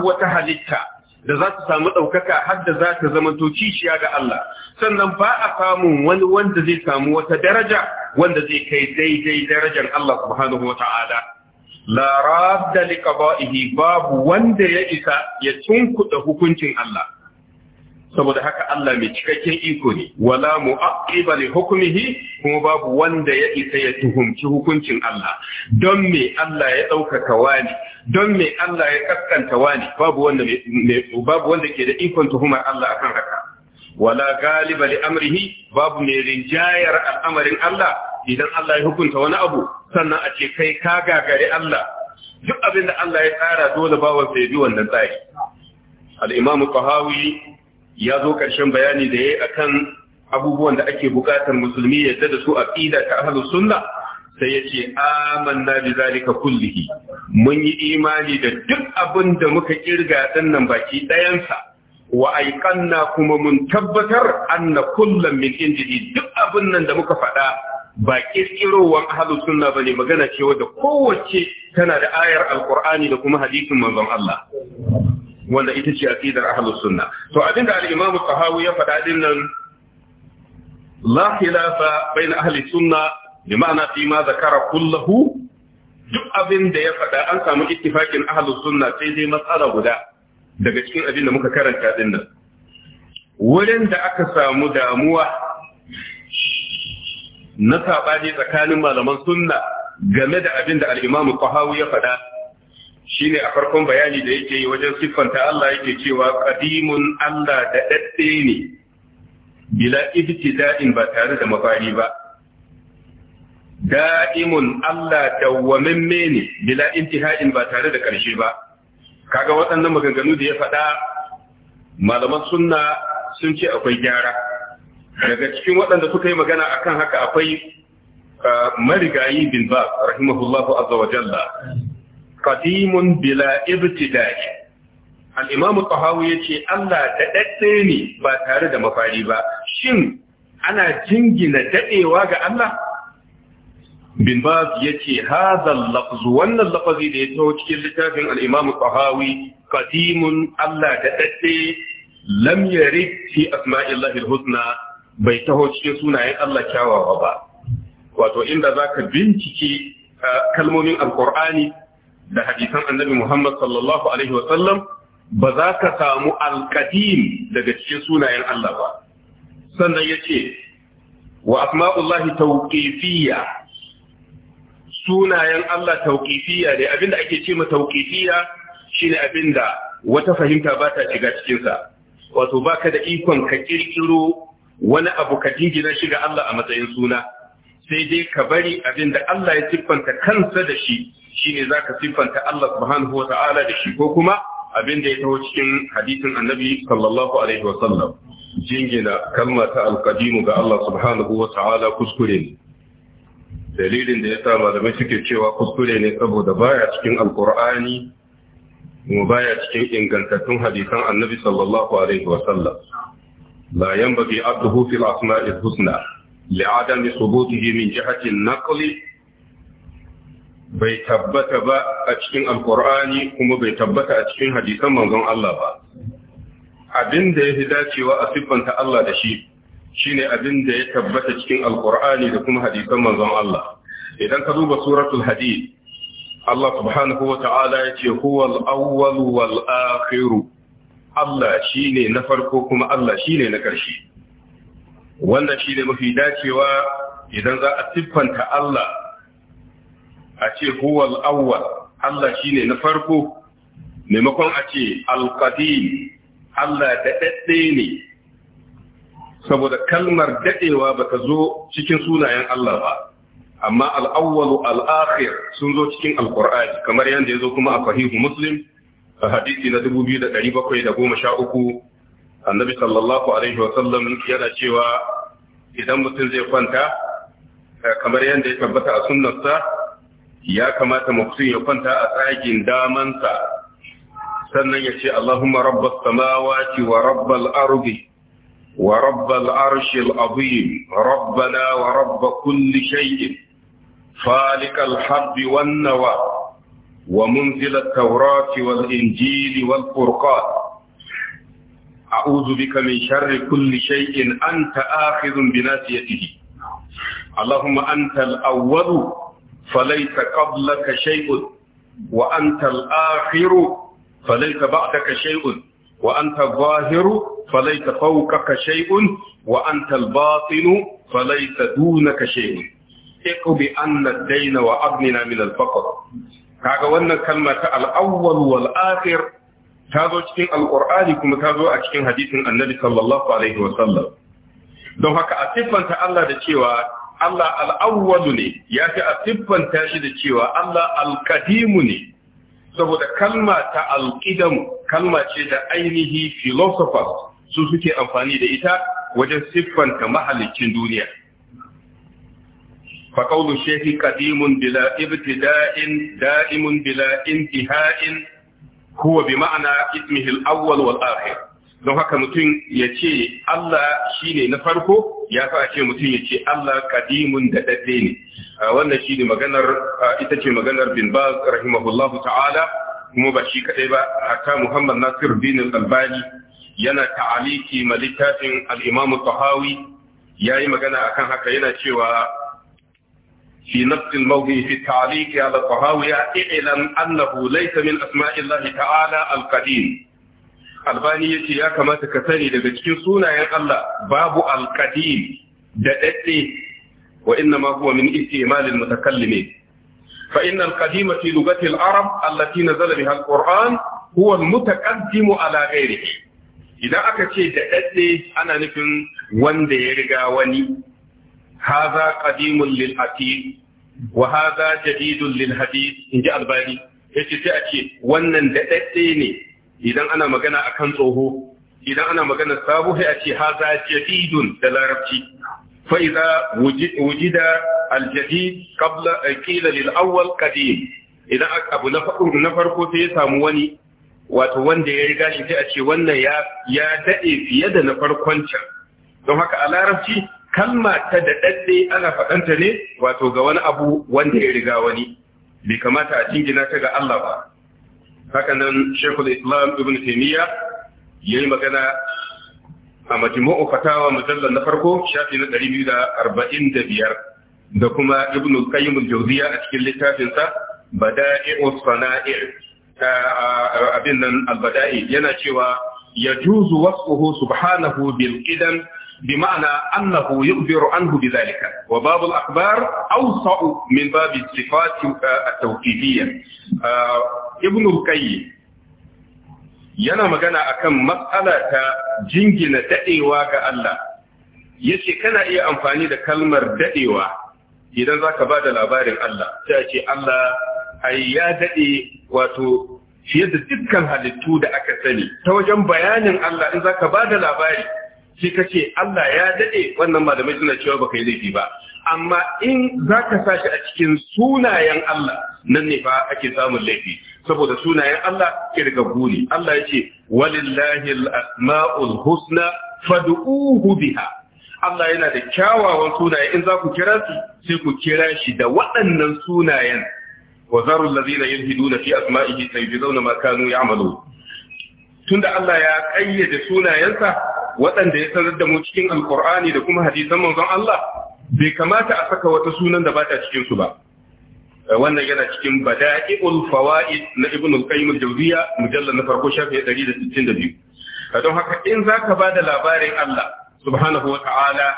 wata halitta da za ta samu ɗaukaka har da za ta zamanto kishiya ga Allah sannan ba a samun wani wanda zai samu wata daraja wanda zai kai daidai darajar Allah subhanahu wa ta'ala la radda li qada'ihi babu wanda ya isa ya tunkuda hukuncin Allah saboda haka Allah mai cikakken iko ne wala mu'aqqiba li hukmihi kuma babu wanda ya isa ya tuhumci hukuncin Allah don me Allah ya daukaka wani don me Allah ya kaskanta wani babu wanda babu wanda ke da ikon tuhumar Allah akan haka wala galiba li amrihi babu mai rinjayar al'amarin Allah idan Allah ya hukunta wani abu sannan a ce kai ka gagari Allah duk abin da Allah ya tsara dole babu sai bi wannan tsari al-Imam Qahawi ya zo karshen bayani da yayi akan abubuwan da ake bukatar musulmi ya da su aqida ta ahlus sunna sai ya ce amanna bi zalika kullihi mun yi imani da duk abin da muka kirga dinnan baki dayansa wa kuma mun tabbatar anna kullum min injihi duk abin nan da muka faɗa ba kirkirowar suna ba ne magana ce wadda kowace tana da ayar alqur'ani da kuma hadisin manzon Allah wanda ita ce aqidar ahlus sunna to abinda al-imam ya faɗa din nan la bai na ahli sunna bi ma'ana fi ma zakara kullahu duk abin da ya faɗa an samu ittifaqin ahlus sunna sai dai matsala guda daga cikin abin da muka karanta din nan wurin da aka samu damuwa na saɓani tsakanin malaman sunna game da abin da al'imamu Tahawi ya faɗa shi ne a farkon bayani da yake yi wajen siffanta Allah yake cewa ƙadimun Allah da ɗaɗɗe ne bila ibtida'in ba tare da mafari ba da'imun Allah dawwamamme ne bila intiha'in ba tare da ƙarshe ba kaga waɗannan maganganu da ya faɗa malaman sunna sun ce akwai gyara daga cikin waɗanda suka yi magana akan haka akwai marigayi bin ba rahimahullahu azza wa jalla qadimun bila ibtida'i al-imamu tahawi yace Allah da dadde ne ba tare da mafari ba shin ana jingina dadewa ga Allah bin baz yace hazan lafz wannan lafazi da ya taho cikin littafin al-imam qahawi Allah da dade lam yarid fi asma'illahi husna bai taho cikin sunayen Allah kyawawa ba wato inda zaka bincike kalmomin alƙur'ani da hadisan annabi Muhammad sallallahu alaihi wa sallam ba za ka samu al daga cikin sunayen Allah ba sannan yace wa asma'ullahi tawqifiyya sunayen Allah tauƙifiya ne abinda ake ce ma tauƙifiya shine abinda wata fahimta ba ta shiga cikinsa wato baka da ikon ka kirkiro wani abu ka jingina shi ga Allah a matsayin suna sai dai ka bari abinda Allah ya siffanta kansa da shi shine zaka siffanta Allah subhanahu wata'ala da shi ko kuma abinda ya taho cikin hadisin annabi sallallahu alaihi jingina kalma ta alqadimu ga Allah subhanahu wata'ala kuskure ne dalilin da ya sa malamai suke cewa kuskure ne saboda baya cikin alkur'ani kuma baya cikin ingantattun hadisan annabi sallallahu alaihi wa sallam la yanbaghi abduhu fil asma'i husna li'adami thubutihi min jihati an-naql bai tabbata ba a cikin alkur'ani kuma bai tabbata a cikin hadisan manzon Allah ba abin da ya fi dacewa a siffanta Allah da shi shine abin da ya tabbata cikin alkur'ani da kuma hadisan manzon Allah idan ka duba suratul hadid Allah subhanahu wa ta'ala ya ce huwal awwal wal akhir Allah ne na farko kuma Allah ne na ƙarshe wannan ne mafi dacewa idan za a siffanta Allah a ce huwal awwal Allah ne na farko maimakon a ce al Allah da ne saboda kalmar dadewa bata zo cikin sunayen Allah ba amma al-awwal al-akhir sun zo cikin al-Qur'ani kamar ya zo kuma a sahihu Muslim a hadisi na 2713 annabi sallallahu alaihi wa sallam yana cewa idan mutum zai kwanta kamar yadda ya tabbata a sunnarsa ya kamata mutum ya kwanta a tsagin damansa sannan ya ce Allahumma rabbas samawati wa rabbal ardi ورب العرش العظيم ربنا ورب كل شيء خالق الحب والنوى ومنزل التوراة والإنجيل والفرقان أعوذ بك من شر كل شيء أنت آخذ بناسيته اللهم أنت الأول فليس قبلك شيء وأنت الآخر فليس بعدك شيء wa anta zahiru falaysa fawqaka shay'un wa anta al-batinu falaysa dunaka shay'un iqbi anna ad wa min kaga wannan kalma ta al-awwal wal akhir ta zo cikin alqur'ani kuma ta zo a cikin hadisin annabi sallallahu alaihi wa sallam don haka a siffanta Allah da cewa Allah al-awwal ne ya fi a siffanta shi da cewa Allah al-qadim ne saboda kalma ta alƙidam kalma ce da ainihi philosophers su suke amfani da ita wajen siffanta mahalicin duniya فقول الشيخ قديم بلا ابتداء دائم بلا انتهاء هو بمعنى اسمه الأول والآخر don haka mutum ya ce Allah shi ne na farko ya fi a ce mutum ya ce Allah kadimun da daɗe ne wannan shi ne maganar ita ce maganar bin baz rahimahullahu ta'ala kuma ba shi kaɗai ba haka muhammad nasir bin albani yana ta'aliki ma littafin al'imamu tahawi ya yi magana akan haka yana cewa في نفس الموضع في التعليق على ya اعلم أنه ليس من أسماء الله al القديم albani ya ce ya kamata ka sani daga cikin sunayen Allah babu alƙadim da ɗaɗɗe wa inna ma huwa min istimalin mutakallime fa inna alqadima fi lugati al-arab allati nazala biha al-quran huwa al-mutaqaddimu ala ghairihi idan aka ce da ɗaɗɗe ana nufin wanda ya riga wani hadha qadimun lil wa hadha jadidun lil hadith inji albani yace sai a ce wannan da ɗaɗɗe ne idan ana magana akan tsoho idan ana magana sabo sai a ce haza jadidun da larabci Faiza, idza wujida al jadid qabla eh, qila lil awwal qadim idan abu na farko na farko sai ya samu wani wato wanda ya riga shi sai a ce wannan ya ya dade fiye da na farkon can don haka a larabci kalma ta da dadde ana faɗanta ne wato ga wani abu wanda ya riga wani bai kamata a cingina ta ga Allah ba hakanan shekul islam ibn taimiyya ya yi magana a majmu'u fatawa mujallar na farko shafi na 245 da kuma ibn al-qayyim al-jawziya a cikin littafinsa sa bada'i'u sana'i abin nan al-bada'i yana cewa yajuzu wasfuhu subhanahu bil qidam بمعنى أنه يخبر wa babu وباب الأخبار min من باب الصفات التوكيدية ibn ruqayyi yana magana akan matsala ta jingina dadewa ga Allah yace kana iya amfani da kalmar dadewa idan zaka bada labarin Allah sai ce Allah ai ya dade wato fiye da dukkan halittu da aka sani ta wajen bayanin Allah in zaka bada labari sai ka ce Allah ya dade wannan malamai suna cewa baka yi laifi ba amma in zaka sashi a cikin sunayen Allah nan ne fa ake samun laifi saboda sunayen Allah kirgaggu ne Allah ya ce walillahi al-asma'ul husna fad'uhu biha Allah yana da kyawawan sunaye in za ku kira su sai ku kira shi da waɗannan sunayen wa zarul ladina yulhiduna fi asma'ihi sayujzauna ma kanu ya'malu tunda Allah ya kayyade sunayensa waɗanda ya sanar da mu cikin alqur'ani da kuma hadisan manzon Allah bai kamata a saka wata sunan da ba ta cikin su ba wannan yana cikin bada'i'ul fawaid na ibn al-qayyim al-jawziya mujallal na farko shafi 162 don haka in zaka bada labarin Allah subhanahu wa ta'ala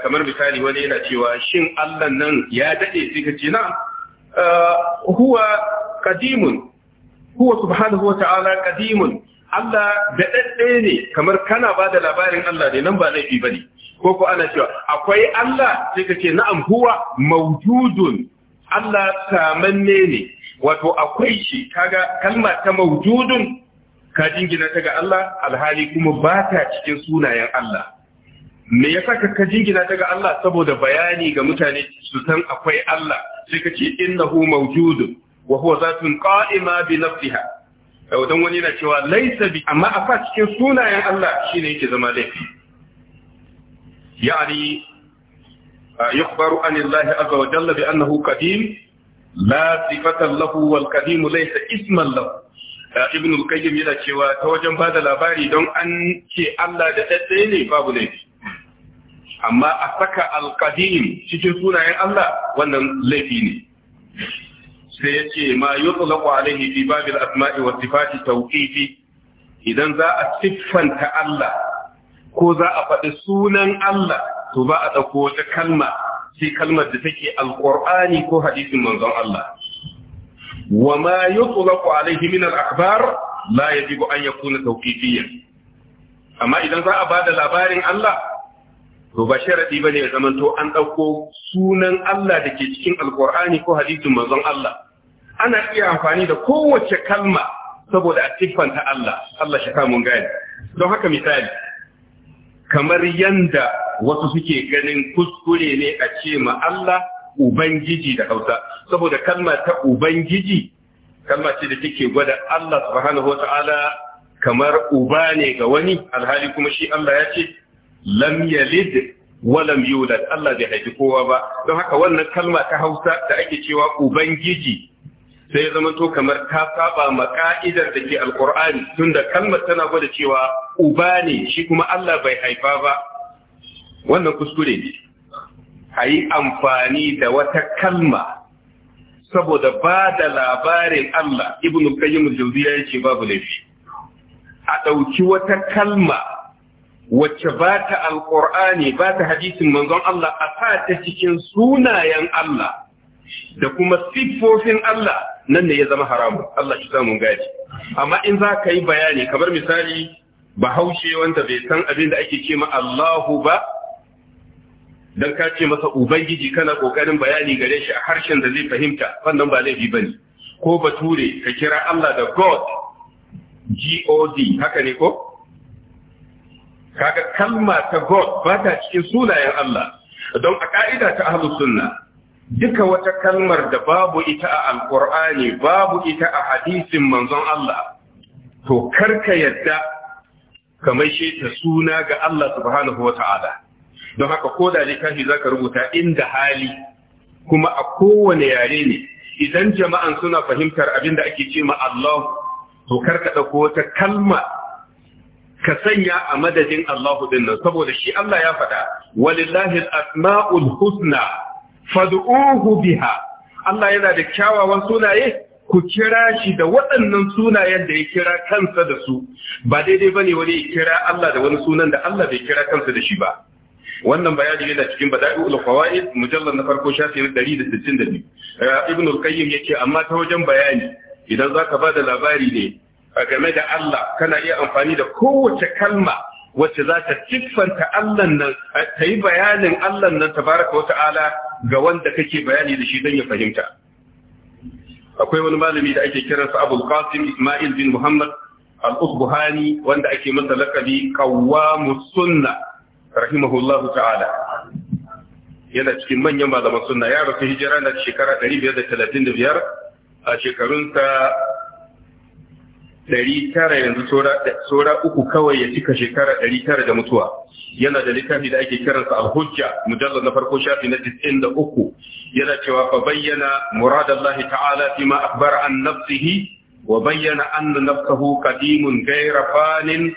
kamar misali wani yana cewa shin Allah nan ya dade sai ka ce na huwa qadimun huwa subhanahu wa ta'ala qadimun Allah dadadde ne kamar kana bada labarin Allah ne nan ba laifi bane ko ko ana cewa akwai Allah sai ka ce na'am huwa mawjudun Allah samanne ne wato akwai shi kaga kalma ta maujudun ka jingina ta ga Allah alhali kuma ba ta cikin sunayen Allah me yasa ka ka jingina ta ga Allah saboda bayani ga mutane su san akwai Allah sai ka ce innahu mawjudun wa huwa zatun qa'ima bi nafsiha dan wani yana cewa laisabi, bi amma a cikin sunayen Allah shine yake zama laifi yani يخبر عن الله عز وجل بأنه قديم لا صفة له والقديم ليس اسما له ابن القيم yana cewa ta wajen ba da labari don an ce Allah da tsaye ne babu laifi amma a saka alqadim cikin sunayen Allah wannan laifi ne sai ya ce ma yutlaqu alaihi fi babil asma'i was sifati tawqifi idan za a siffanta Allah ko za a faɗi sunan Allah to ba a ɗauko wata kalma sai kalmar da take alƙur'ani ko hadisin manzon Allah wa ma yutlaqu alayhi min al-akhbar la jibo an kuna tawqifiyyan amma idan za a da labarin Allah to ba ba bane ya zamanto an ɗauko sunan Allah da ke cikin alƙur'ani ko hadisin manzon Allah ana iya amfani da kowace kalma saboda a siffanta Allah, Allah shi kamun gani. Don haka misali, kamar yanda wasu suke ganin kuskure ne a ce ma Allah Ubangiji da Hausa saboda kalma ta Ubangiji kalma ce da take gwada Allah subhanahu Ta'ala, kamar uba ne ga wani alhali kuma shi Allah ya ce lam yalid wa yulad Allah bai haifi kowa ba don haka wannan kalma ta Hausa da ake cewa Ubangiji sai zama to kamar ta saba ma ka'idar da ke alkur'ani tunda kalmar tana gwada cewa uba ne shi kuma Allah bai haifa ba wannan kuskure ne a yi amfani da wata kalma saboda ba da labarin Allah ibn qayyim jauziya ya ce babu laifi a ɗauki wata kalma wacce ba ta alƙur'ani ba ta hadisin manzon Allah a sa ta cikin sunayen Allah da kuma siffofin Allah nan ne ya zama haramu Allah shi zamu gaji amma in za ka yi bayani kamar misali bahaushe wanda bai san abin da ake ce ma Allahu ba dan ka ce masa ubangiji kana kokarin bayani gare shi a harshen da zai fahimta wannan ba laifi bane ko bature ka kira Allah da God God haka ne ko kaga kalma ta God ba ta cikin sunayen Allah don a ka'ida ta ahlu sunna duka wata kalmar da babu ita a alqur'ani babu ita a hadisin manzon Allah to karka yadda kamar shi ta suna ga Allah subhanahu wata'ala don haka ko da littafi zaka rubuta inda hali kuma a kowane yare ne idan jama'an suna fahimtar abin da ake ce ma Allah to karka ɗauko wata kalma ka sanya a madadin Allah din nan saboda shi Allah ya faɗa walillahi al-asma'ul husna fad'uhu biha Allah yana da kyawawan sunaye ku kira shi da waɗannan sunayen da ya kira kansa da su ba daidai bane wani ya kira Allah da wani sunan da Allah bai kira kansa da shi ba wannan bayani yana cikin bada'i'ul fawaid mujallar na farko shafi na 162 eh, ibn al-qayyim yake amma ta wajen bayani idan zaka bada labari ne game da Allah kana iya amfani da kowace kalma wacce za ta siffanta Allah nan ta yi bayanin Allah nan tabaraka wa ta'ala ga wanda kake bayani da shi don ya fahimta akwai wani malami da ake kiransa Abu Qasim Ismail bin Muhammad al-Usbuhani wanda ake masa lakabi Qawwamus Sunnah rahimahullahu ta'ala yana cikin manyan malaman sunna ya rasu hijira na shekara 535 a shekarunsa 900 yanzu tsora uku kawai ya cika shekara 900 da mutuwa yana da littafi da ake kiransa al-hujja mujallal na farko shafi na 93 yana cewa fa bayyana muradallahi ta'ala fi ma akhbara an nafsihi wa bayyana anna nafsuhu qadimun ghayra fanin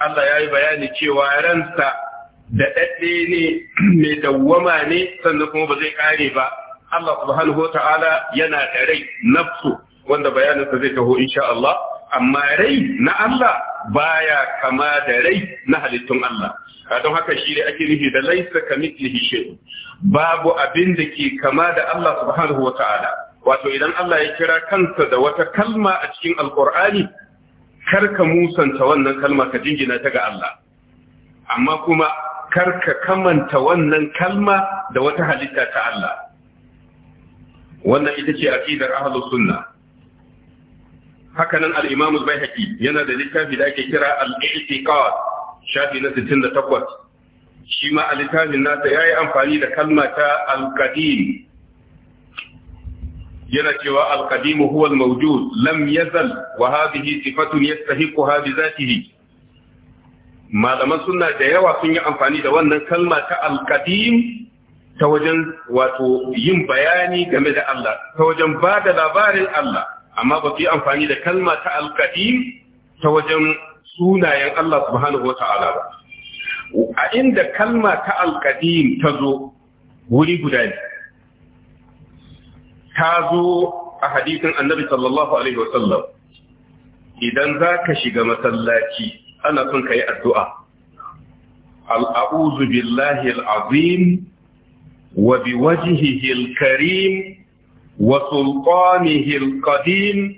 Allah yayi bayani cewa ransa da ne mai dawwama ne sannan kuma ba zai kare ba Allah subhanahu ta'ala yana da rai nafsu wanda bayaninsa zai taho insha Allah amma rai na Allah baya kama da rai na halittun Allah don haka shi ne ake nufi da laisa kamithlihi shay'un babu abin da ke kama da Allah subhanahu ta'ala. wato idan Allah ya kira kansa da wata kalma a cikin alqur'ani kar ka musanta wannan kalma ka jingina ta ga Allah amma kuma karka kamanta wannan kalma da wata halitta ta Allah wannan ita ce aqidar ahlus sunna hakanan al-imam al yana da littafi da ake kira al-i'tiqad shafi na 68 shi ma al-littafin nasa yayi amfani da kalma ta al-qadim yana cewa al-qadim huwa al-mawjud lam yazal wa hadhihi sifatun yastahiquha bi malaman sunna da yawa sun yi amfani da wannan kalma ta alkadim ta wajen wato yin bayani game da Allah ta wajen ba da labarin Allah amma ba su yi amfani da kalma ta alkadim ta wajen sunayen Allah subhanahu wa ta'ala ba a inda kalma ta alkadim ta zo wuri guda ne ta zo a hadisin annabi sallallahu alaihi wasallam idan za ka shiga masallaci ana son ka yi addu'a al'a'uzu billahi al'azim wa bi wajihihi al-karim wa sultanihi al-qadim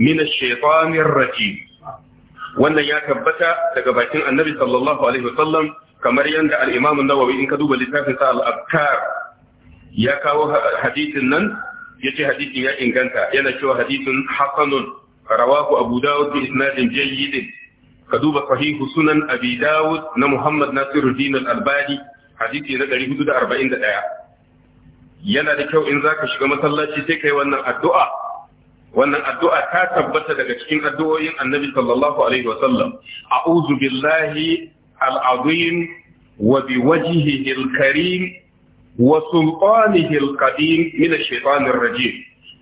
min ash-shaytanir rajim wannan ya tabbata daga bakin annabi sallallahu alaihi wasallam kamar yadda al-imam an-nawawi in ka duba littafin sa al-afkar ya kawo hadisin nan yace hadisin ya inganta yana cewa hadisin hasanun rawahu abu dawud bi isnadin jayyidin ka duba sahihu sunan abi dawud na muhammad nasiruddin al-albani hadisi na 441 yana da kyau in zaka shiga masallaci sai kai wannan addu'a wannan addu'a ta tabbata daga cikin addu'o'in annabi sallallahu alaihi wa sallam a'udhu billahi al-azim wa biwajhihi al-karim wa sultanihi al-qadim min ash-shaytanir rajim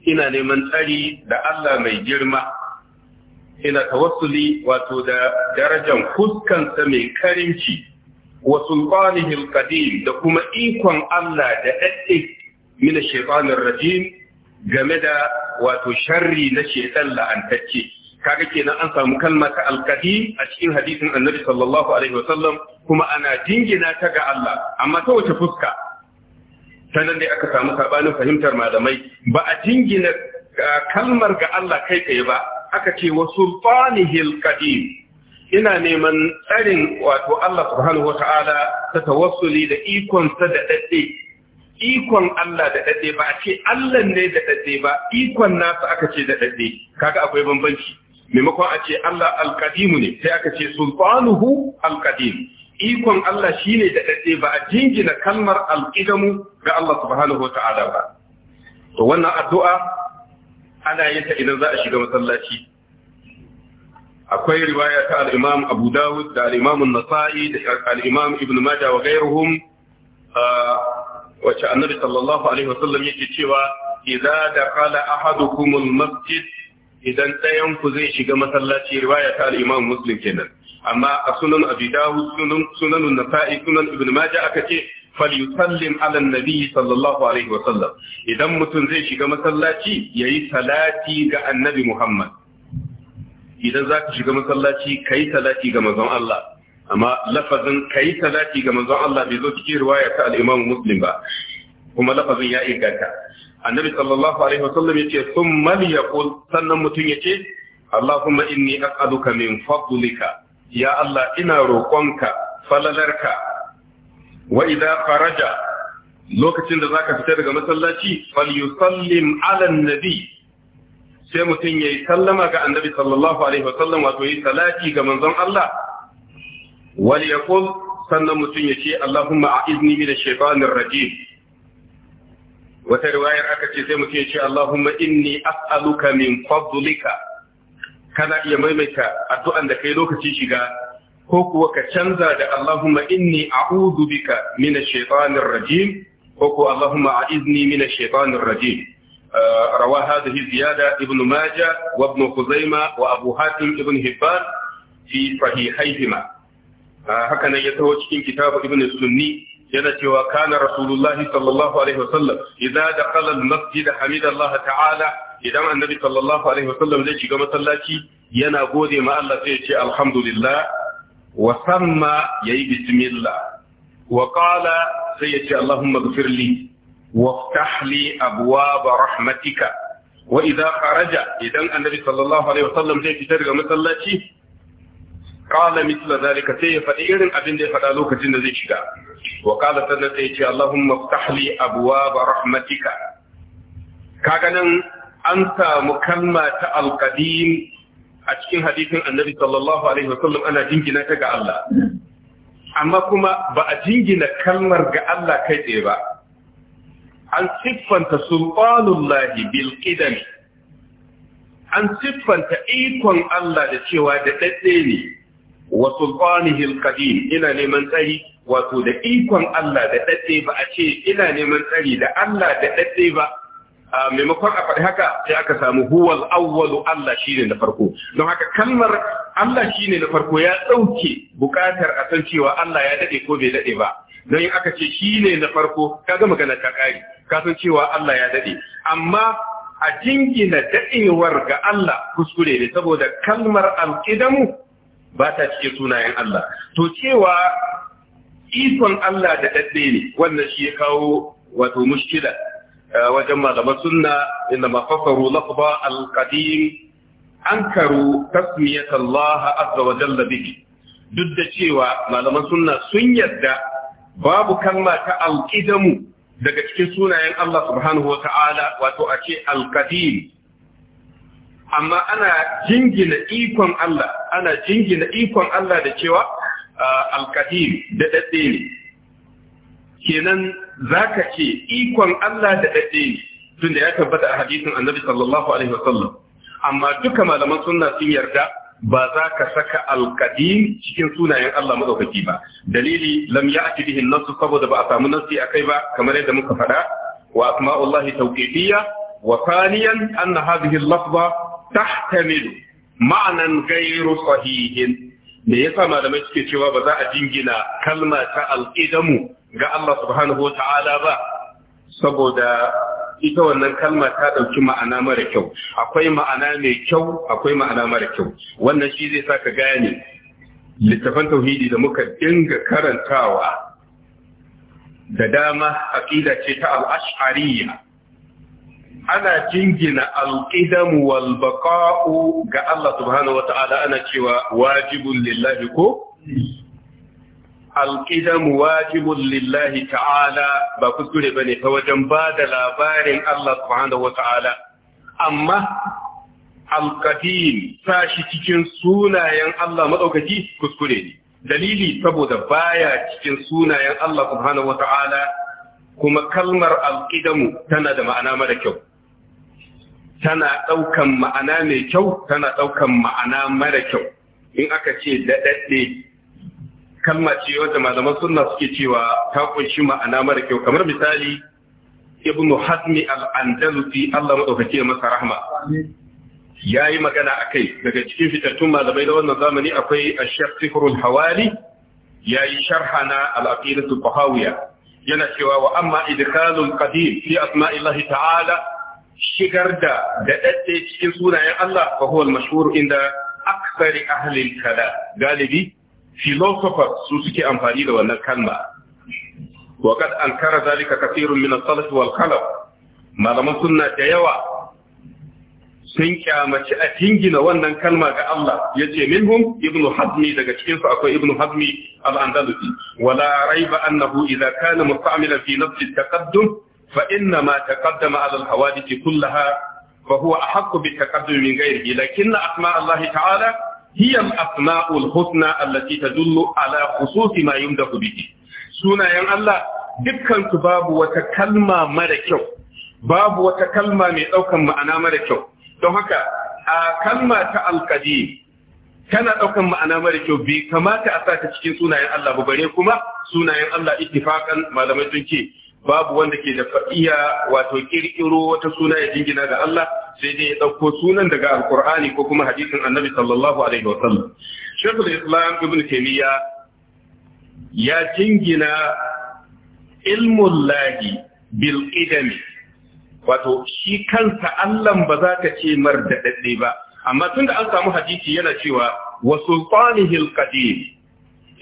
ina neman tsari da Allah mai girma Ina tawassuli wato da darajar fuskansa mai karimci wa sulqanihi alqadim da kuma ikon Allah da dadde min shaytanir rajim game da wato sharri na shaytan la'antacce kaga kenan an samu kalma ta alqadim a cikin hadisin annabi sallallahu alaihi wasallam kuma ana jingina ta ga Allah amma ta wace fuska sanan dai aka samu sabanin fahimtar malamai ba a jingina ah, kalmar ga Allah kai tsaye ba aka ce wa sultanihil qadim ina neman tsarin wato Allah subhanahu wata'ala ta tawassuli da ikon sa da dadde ikon Allah da dadde ba a ce Allah ne da dadde ba ikon nasa aka ce da dadde kaga akwai bambanci maimakon a ce Allah alqadim ne sai aka ce sultanuhu alqadim ikon Allah shine da dadde ba a jingina kalmar alqidamu ga Allah subhanahu wata'ala ba to wannan addu'a ana yin ta idan za a shiga masallaci akwai riwaya ta al-Imam Abu Dawud da al-Imam An-Nasa'i da al-Imam Ibn Majah wa ghayruhum wacce Annabi sallallahu alaihi wasallam yake cewa idza dakala ahadukum al-masjid idan ɗayan ku zai shiga masallaci riwaya ta al-Imam Muslim kenan amma a sunan Abi Dawud sunan sunan An-Nasa'i sunan Ibn Majah aka ce falyusallim ala nabi sallallahu alaihi wa sallam idan mutum zai shiga masallaci yayi salati ga annabi Muhammad idan ka shiga masallaci kai salati ga manzon Allah amma lafazin kai salati ga manzon Allah bai zo cikin riwaya ta al-Imam Muslim ba kuma lafazin ya inganta annabi sallallahu alaihi wa sallam yace thumma liyaqul sannan mutum yace Allahumma inni as'aluka min fadlika ya Allah ina roƙonka falalarka wa idza faraja lokacin da zaka fita daga masallaci falyusallim ala nabi sai mutum yayi sallama ga annabi sallallahu alaihi wasallam wato yayi salati ga manzon Allah wal yaqul sannan mutum ya ce Allahumma a'izni min ash-shaytanir rajim wata riwayar aka ce sai mutum ya ce Allahumma inni as'aluka min fadlika kana iya maimaita addu'an da kai lokacin shiga ko kuwa ka canza da Allahumma inni a'udhu bika min ash-shaytanir rajim ko ku Allahumma a'idni min ash-shaytanir rajim uh, rawa ibn majah wa ibn khuzaimah wa ibn hibban fi sahihayhima uh, haka ne ya taho cikin kitab ibn sunni yana cewa kana rasulullahi sallallahu alaihi wasallam idza dakhala al-masjid hamida Allah ta'ala idan annabi sallallahu alaihi wasallam zai shiga masallaci yana gode ma Allah sai ya ce alhamdulillah wasamma ya yi bismillah wa kala sai ya ce Allahumma gafirli wa tahli abuwa ba wa idan faraja idan annabi sallallahu alaihi wasallam zai fitar daga masallaci kala misla zalika sai ya faɗi irin abin da ya faɗa lokacin da zai shiga wa kala sannan sai ya ce Allahumma tahli abuwa ba rahmatika kaga an samu kalma ta alqadim a cikin hadisin annabi sallallahu alaihi wasallam ana jingina ta ga Allah amma kuma ba a jingina kalmar ga Allah kai tsaye ba an siffanta sultanullahi bil qidam an siffanta ikon Allah da cewa da dadde ne wa sultanihi al qadim ina neman tsari wato da ikon Allah da dadde ba a ce ina neman tsari da Allah da dadde ba a maimakon a faɗi haka sai aka samu huwal awwalu Allah shine na farko don haka kalmar Allah shine na farko ya ɗauke buƙatar a san cewa Allah ya daɗe ko bai daɗe ba don yin aka ce shine na farko ka magana ta ƙari ka san cewa Allah ya daɗe amma a jingina daɗewar ga Allah kuskure ne saboda kalmar alƙidamu ba ta cike sunayen Allah to cewa ikon Allah da daɗe ne wannan shi ya kawo wato mushkila wajen malaman sunna inda mafassaru lafza al-qadim ankaru tasmiyat Allah azza wa jalla bihi duk da cewa malaman sunna sun yadda babu kalma ta alqidamu daga cikin sunayen Allah subhanahu wa ta'ala wato a ce alqadim amma ana jingina ikon Allah ana jingina ikon Allah da cewa alqadim da dadde ne kenan zaka ce ikon Allah da dade ne tunda ya tabbata a hadisin Annabi sallallahu alaihi wasallam amma duka malaman sunna sun yarda ba za ka saka alkadim cikin sunayen Allah madaukaki ba dalili lam ya'ti bihi an saboda ba a samu nassi akai ba kamar yadda muka faɗa wa asma'ullahi tawqifiyya wa thaniyan anna hadhihi al-lafza tahtamilu ma'anan ghayru sahihin me yasa malamai suke cewa ba za a jingina kalma ta alqidamu ga Allah subhanahu wa ta'ala ba saboda ita wannan kalma ta ɗauki ma'ana mara kyau akwai ma'ana mai kyau akwai ma'ana mara kyau wannan shi zai saka gane littafan tauhidi da muka dinga karantawa da dama aƙida ce ta al ana jingina al wal baqa'u ga Allah subhanahu wata'ala ana cewa wajibun lillahi ko alƙidam wajibun lillahi ta'ala ba kuskure bane ta wajen ba da labarin Allah subhanahu wa amma alƙadim sashi cikin sunayen Allah maɗaukaki kuskure ne dalili saboda baya cikin sunayen Allah subhanahu wa kuma kalmar alƙidamu tana da ma'ana mara kyau tana ɗaukan ma'ana mai kyau tana ɗaukan ma'ana mara kyau in aka ce daɗaɗɗe kalma ce wanda malaman sunna suke cewa ta kunshi ma'ana mara kyau kamar misali ibnu hazmi al-andalusi Allah madaukake masa rahma ya yi magana a kai daga cikin fitattun malamai da wannan zamani akwai a shafifurul hawali ya yi sharha na al'aƙidatu bahawiya yana cewa wa amma idkalul qadim fi asma'illahi ta'ala shigar da daɗaɗɗe cikin sunayen Allah fa huwa al-mashhur inda aksari ahli al-kala galibi philosophers su suke amfani da wannan kalma wa ankara zalika kathirun min as-salaf wal khalaf malaman sunna da yawa sun kyamaci a jingina wannan kalma ga Allah yace minhum ibn hazmi daga cikin su akwai ibn hazmi al-andalusi wala raiba annahu idza kana musta'milan fi nafs at-taqaddum fa inna ma taqaddama ala al-hawadith kullaha fa huwa ahqqu bit-taqaddum min ghayrihi lakinna asma Allah ta'ala hiya al-asma'ul husna ta tadullu ala khususi ma yumdahu bihi sunayen Allah dukkan su babu wata kalma mara kyau babu wata kalma mai daukan ma'ana mara kyau don haka a kalma ta al tana ɗaukan ma'ana mara kyau bai kamata a sata cikin sunayen Allah ba bare kuma sunayen Allah ittifaqan malamai sun ce babu wanda ke da fa'iya wato kirkiro wata suna ya jingina ga Allah sai dai ya ɗauko sunan daga alkur'ani ko kuma hadisin annabi sallallahu alaihi wasallam shekul islam ibn taymiya ya jingina ilmun lahi bil idami wato shi kansa Allah ba za ka ce mar da dadde ba amma tunda an samu hadisi yana cewa wa sultanihil qadim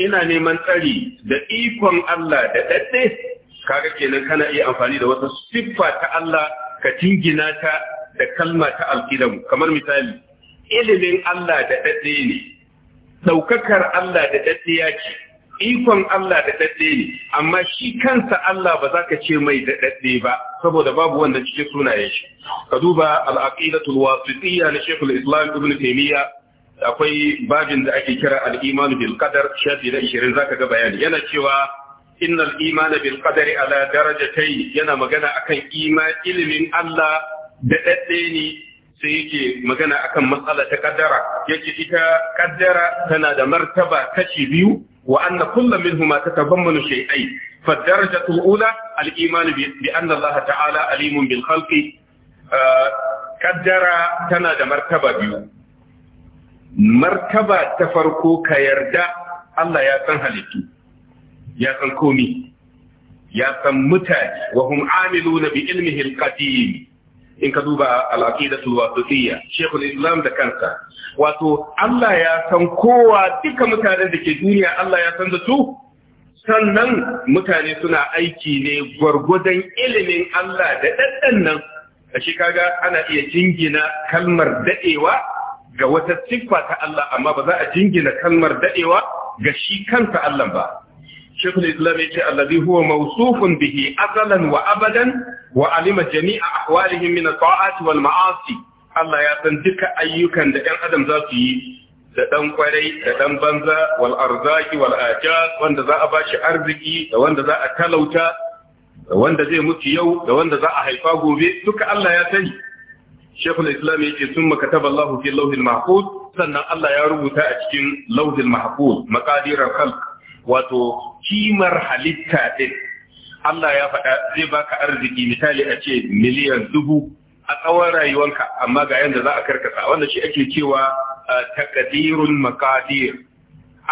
ina neman tsari da ikon Allah da dadde kaga kenan kana iya amfani da wata siffa ta Allah ka jingina ta da kalma ta alqilam kamar misali ilimin Allah da ne ɗaukakar Allah da ya ce, ikon Allah da dadde ne amma shi kansa Allah ba za ka ce mai da ba saboda babu wanda cikin sunayen shi ka duba al-aqidatul wasitiyya na Sheikhul Islam Ibn Taymiyyah akwai babin da ake kira al-iman bil qadar shafi da 20 zaka ga bayani yana cewa innal imana bil qadari ala darajatayn yana magana akan iman ilimin Allah da dadde ne sai yake magana akan matsala ta kaddara yake ita kaddara tana da martaba kashi biyu wa anna kullu ma tatabammanu shay'ain fa darajatu ula al iman bi anna Allah ta'ala alimun bil khalqi ah, kaddara tana da martaba biyu martaba ta farko ka yarda Allah ya san halittu ya san komi ya san mutane wa hum na bi ilmihi alqadim in ka duba al wasitiyya shaykhul islam da kansa wato Allah ya san kowa duka mutanen da ke duniya Allah ya san da su sannan mutane suna aiki ne gwargwadon ilimin Allah da daddan nan a shi kaga ana iya jingina kalmar dadewa ga wata siffa ta Allah amma ba za a jingina kalmar dadewa ga shi kansa Allah ba shekul islam ya ce allazi huwa mawsufun bihi asalan wa abadan wa alima jami'a ahwalihim min at-ta'ati wal ma'asi Allah ya san duka ayyukan da ɗan adam za su yi da ɗan kwarai da ɗan banza wal arzaki wal ajaz wanda za a bashi arziki da wanda za a talauta da wanda zai mutu yau da wanda za a haifa gobe duka Allah ya sani Sheikhul Islam yake sun makataba Allah fi lauhin mahfuz sannan Allah ya rubuta a cikin lauhin mahfuz maqadirul khalq wato kimar halitta ɗin Allah ya faɗa zai baka arziki misali a ce miliyan dubu a tsawon rayuwanka amma ga yadda za a karkasa wanda shi ake cewa takadirun makadir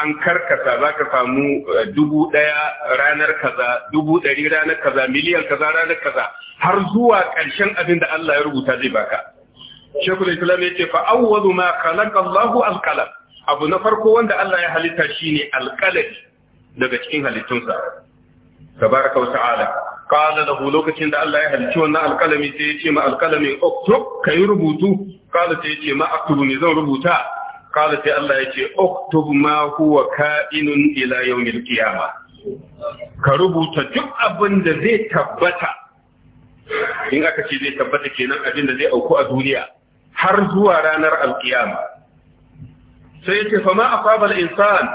an karkasa za ka samu dubu ɗaya ranar kaza dubu ɗari ranar kaza miliyan kaza ranar kaza har zuwa ƙarshen abin da Allah ya rubuta zai baka shekul islam ya ce fa awwalu ma khalaqa Allahu alqalam abu na farko wanda Allah ya halitta shine alqalami daga cikin halittunsa tabaraka ala ta'ala qala lahu lokacin da Allah ya halicci wannan alkalami sai ya ce ma Oktob ka yi rubutu qala sai ya ce ma aktubu ne zan rubuta qala sai Allah ya ce Oktob ma huwa ka'inun ila yawmil qiyamah ka rubuta duk abin da zai tabbata in aka ce zai tabbata kenan abin da zai auku a duniya har zuwa ranar alkiyama sai yake fa ma asaba insan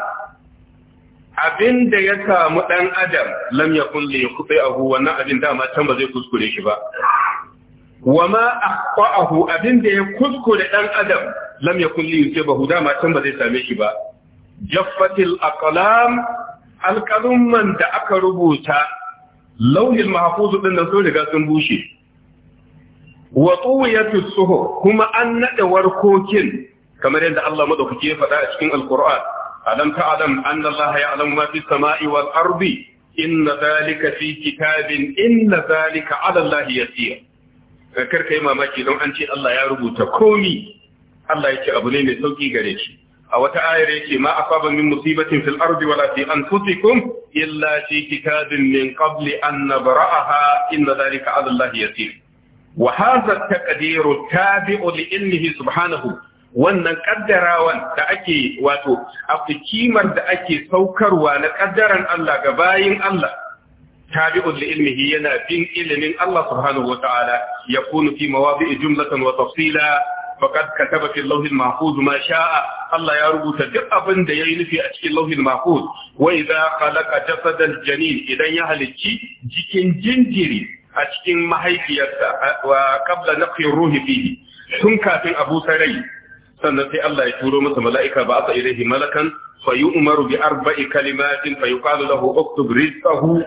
abin da ya samu ɗan adam lam ya kulle ya kuɓe ahu wannan abin dama can ba zai kuskure shi ba wa ma ahu abin da ya kuskure ɗan adam lam ya kulle ya ba? ahu dama can ba zai same shi ba jaffatil aqlam alqalumman da aka rubuta lauhin mahfuz din da sun riga sun bushe wa tuwiyatus suhur kuma an nada warkokin kamar yadda Allah madaukake ya faɗa a cikin alqur'an alam ta'lam anna Allah ya'lamu ma fis sama'i wal ardi inna zalika fi kitabin inna zalika 'ala Allah yasir kar kai mamaki don an ce Allah ya rubuta komi Allah yake abu ne mai sauki gare shi a wata ayar yake ma asaba min musibatin fil ardi wala fi anfusikum illa fi kitabin min kabli an nabra'aha inna zalika 'ala Allah yasir wa hadha at-taqdiru tabi'u li ilmihi subhanahu wannan kaddarawan da ake wato abu kimar da ake saukarwa na kaddaran Allah ga bayin Allah tabi'un li ilmihi yana bin ilimin Allah subhanahu ya yakunu fi mawadi'i jumlatan wa tafsila faqad kataba fi lawhil mahfuz ma sha'a Allah ya rubuta duk abin da yayi nufi a cikin lawhil mahfuz wa idza khalaqa jasadal janin idan ya halicci jikin jinjiri a cikin mahaifiyarsa wa qabla naqi ruhi fihi tun kafin abu sarai sannan sai Allah ya turo masa mala'ika ba asa ilaihi malakan fayi umaru bi arba'i kalimatin fa yuqalu lahu uktub rizqahu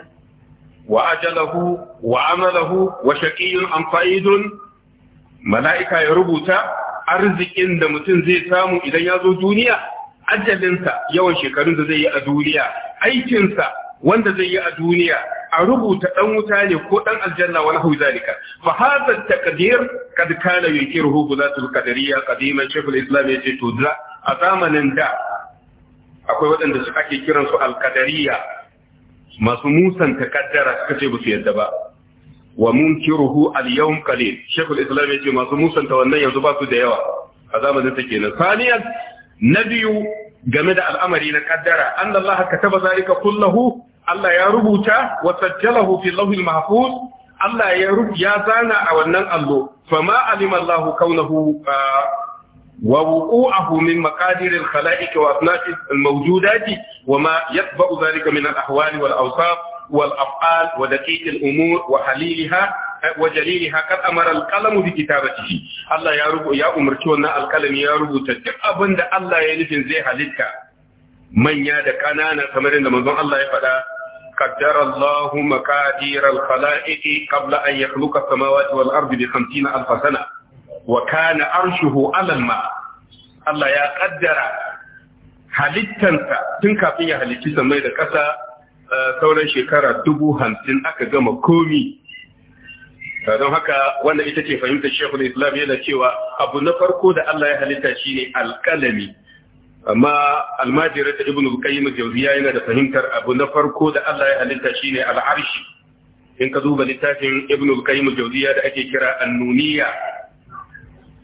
wa lahu, wa amalahu wa shaqiyyun am mala'ika ya rubuta arzikin da mutum zai samu idan ya zo duniya ajalinsa yawan shekarun da zai yi a duniya aikinsa wanda zai yi a duniya a rubuta ɗan wuta ne ko ɗan aljanna wala hu zalika fa hadha taqdir kad kana yunkiruhu gudatul qadariyya qadiman shaykhul islam yace to da a zamanin da akwai waɗanda su ake kiran su alqadariyya masu musan takaddara suka ce ba su yadda ba wa munkiruhu al qalil shaykhul islam yace masu musan ta wannan yanzu ba su da yawa a zamanin ta kenan saniyan na biyu game da al'amari na kaddara an Allah ka zalika kullahu Allah ya rubuta wa sajjalahu fi lawhil mahfuz Allah ya ya zana a wannan allo fama alima Allah kaunahu wa wuqu'ahu min maqadir al-khalaiq wa asnaf al-mawjudat wa ma yatba'u dhalika min al-ahwal wal awsaf wal af'al wa daqiq al-umur wa haliliha wa jaliliha kad amara al-qalam bi kitabatihi Allah ya rubu ya umarci wannan alkalami ya rubuta duk abinda Allah ya nufin zai halitta manya da kanana kamar yadda manzon Allah ya faɗa قدر الله مقادير الخلائق قبل أن يخلق السماوات والأرض بخمسين ألف سنة وكان أرشه على الماء الله يا قدر halittansa tun kafin ya halicci sammai da ƙasa sauran shekara dubu hamsin aka gama komi don haka wannan ita ce fahimtar shekul islam yana cewa abu na farko da Allah ya halitta shine alƙalami amma almajirar da ibn Bukai jawziya yana da fahimtar abu na farko da Allah ya halitta ne al'arshi in ka duba littafin ibn Bukai jawziya da ake kira annuniya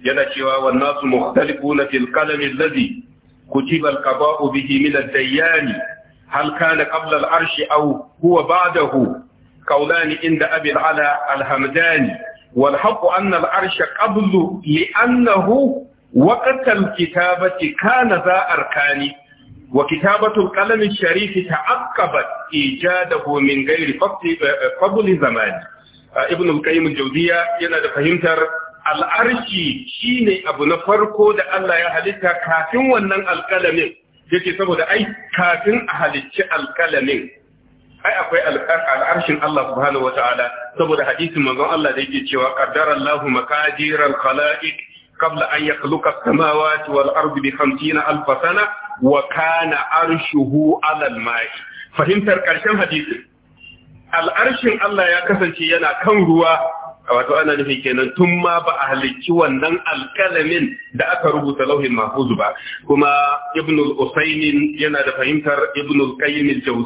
yana cewa wan nasu mukhtalifuna fil qalam alladhi kutiba al-qada'u bihi min ad-dayyan hal kana qabla al-arshi aw huwa ba'dahu qawlan inda abin ala al-hamdani wal haqq anna li annahu waqtal kitabati kana za arkani wa kitabatul qalam sharif ta'aqqabat ijadahu min ghairi fadli zamani ibn al-qayyim al-jawziya yana da fahimtar al'arshi ne abu na farko da Allah ya halitta kafin wannan alƙalamin yake saboda ai kafin a halicci alƙalamin ai akwai al'arshin Allah subhanahu wa ta'ala saboda hadisin manzon Allah da yake cewa qaddara Allah maqadir al-khalaiq Kabla an yakhluqa as-samawati wal ardi bi 50 alf sana wa kana arshuhu 'ala al-ma'i fahimtar karshen hadisi al'arshin Allah ya kasance yana kan ruwa wato ana nufin kenan tun ma ba a halicci wannan alkalamin da aka rubuta lauhin mahfuz ba kuma ibn al-usaymin yana da fahimtar ibn al-qayyim al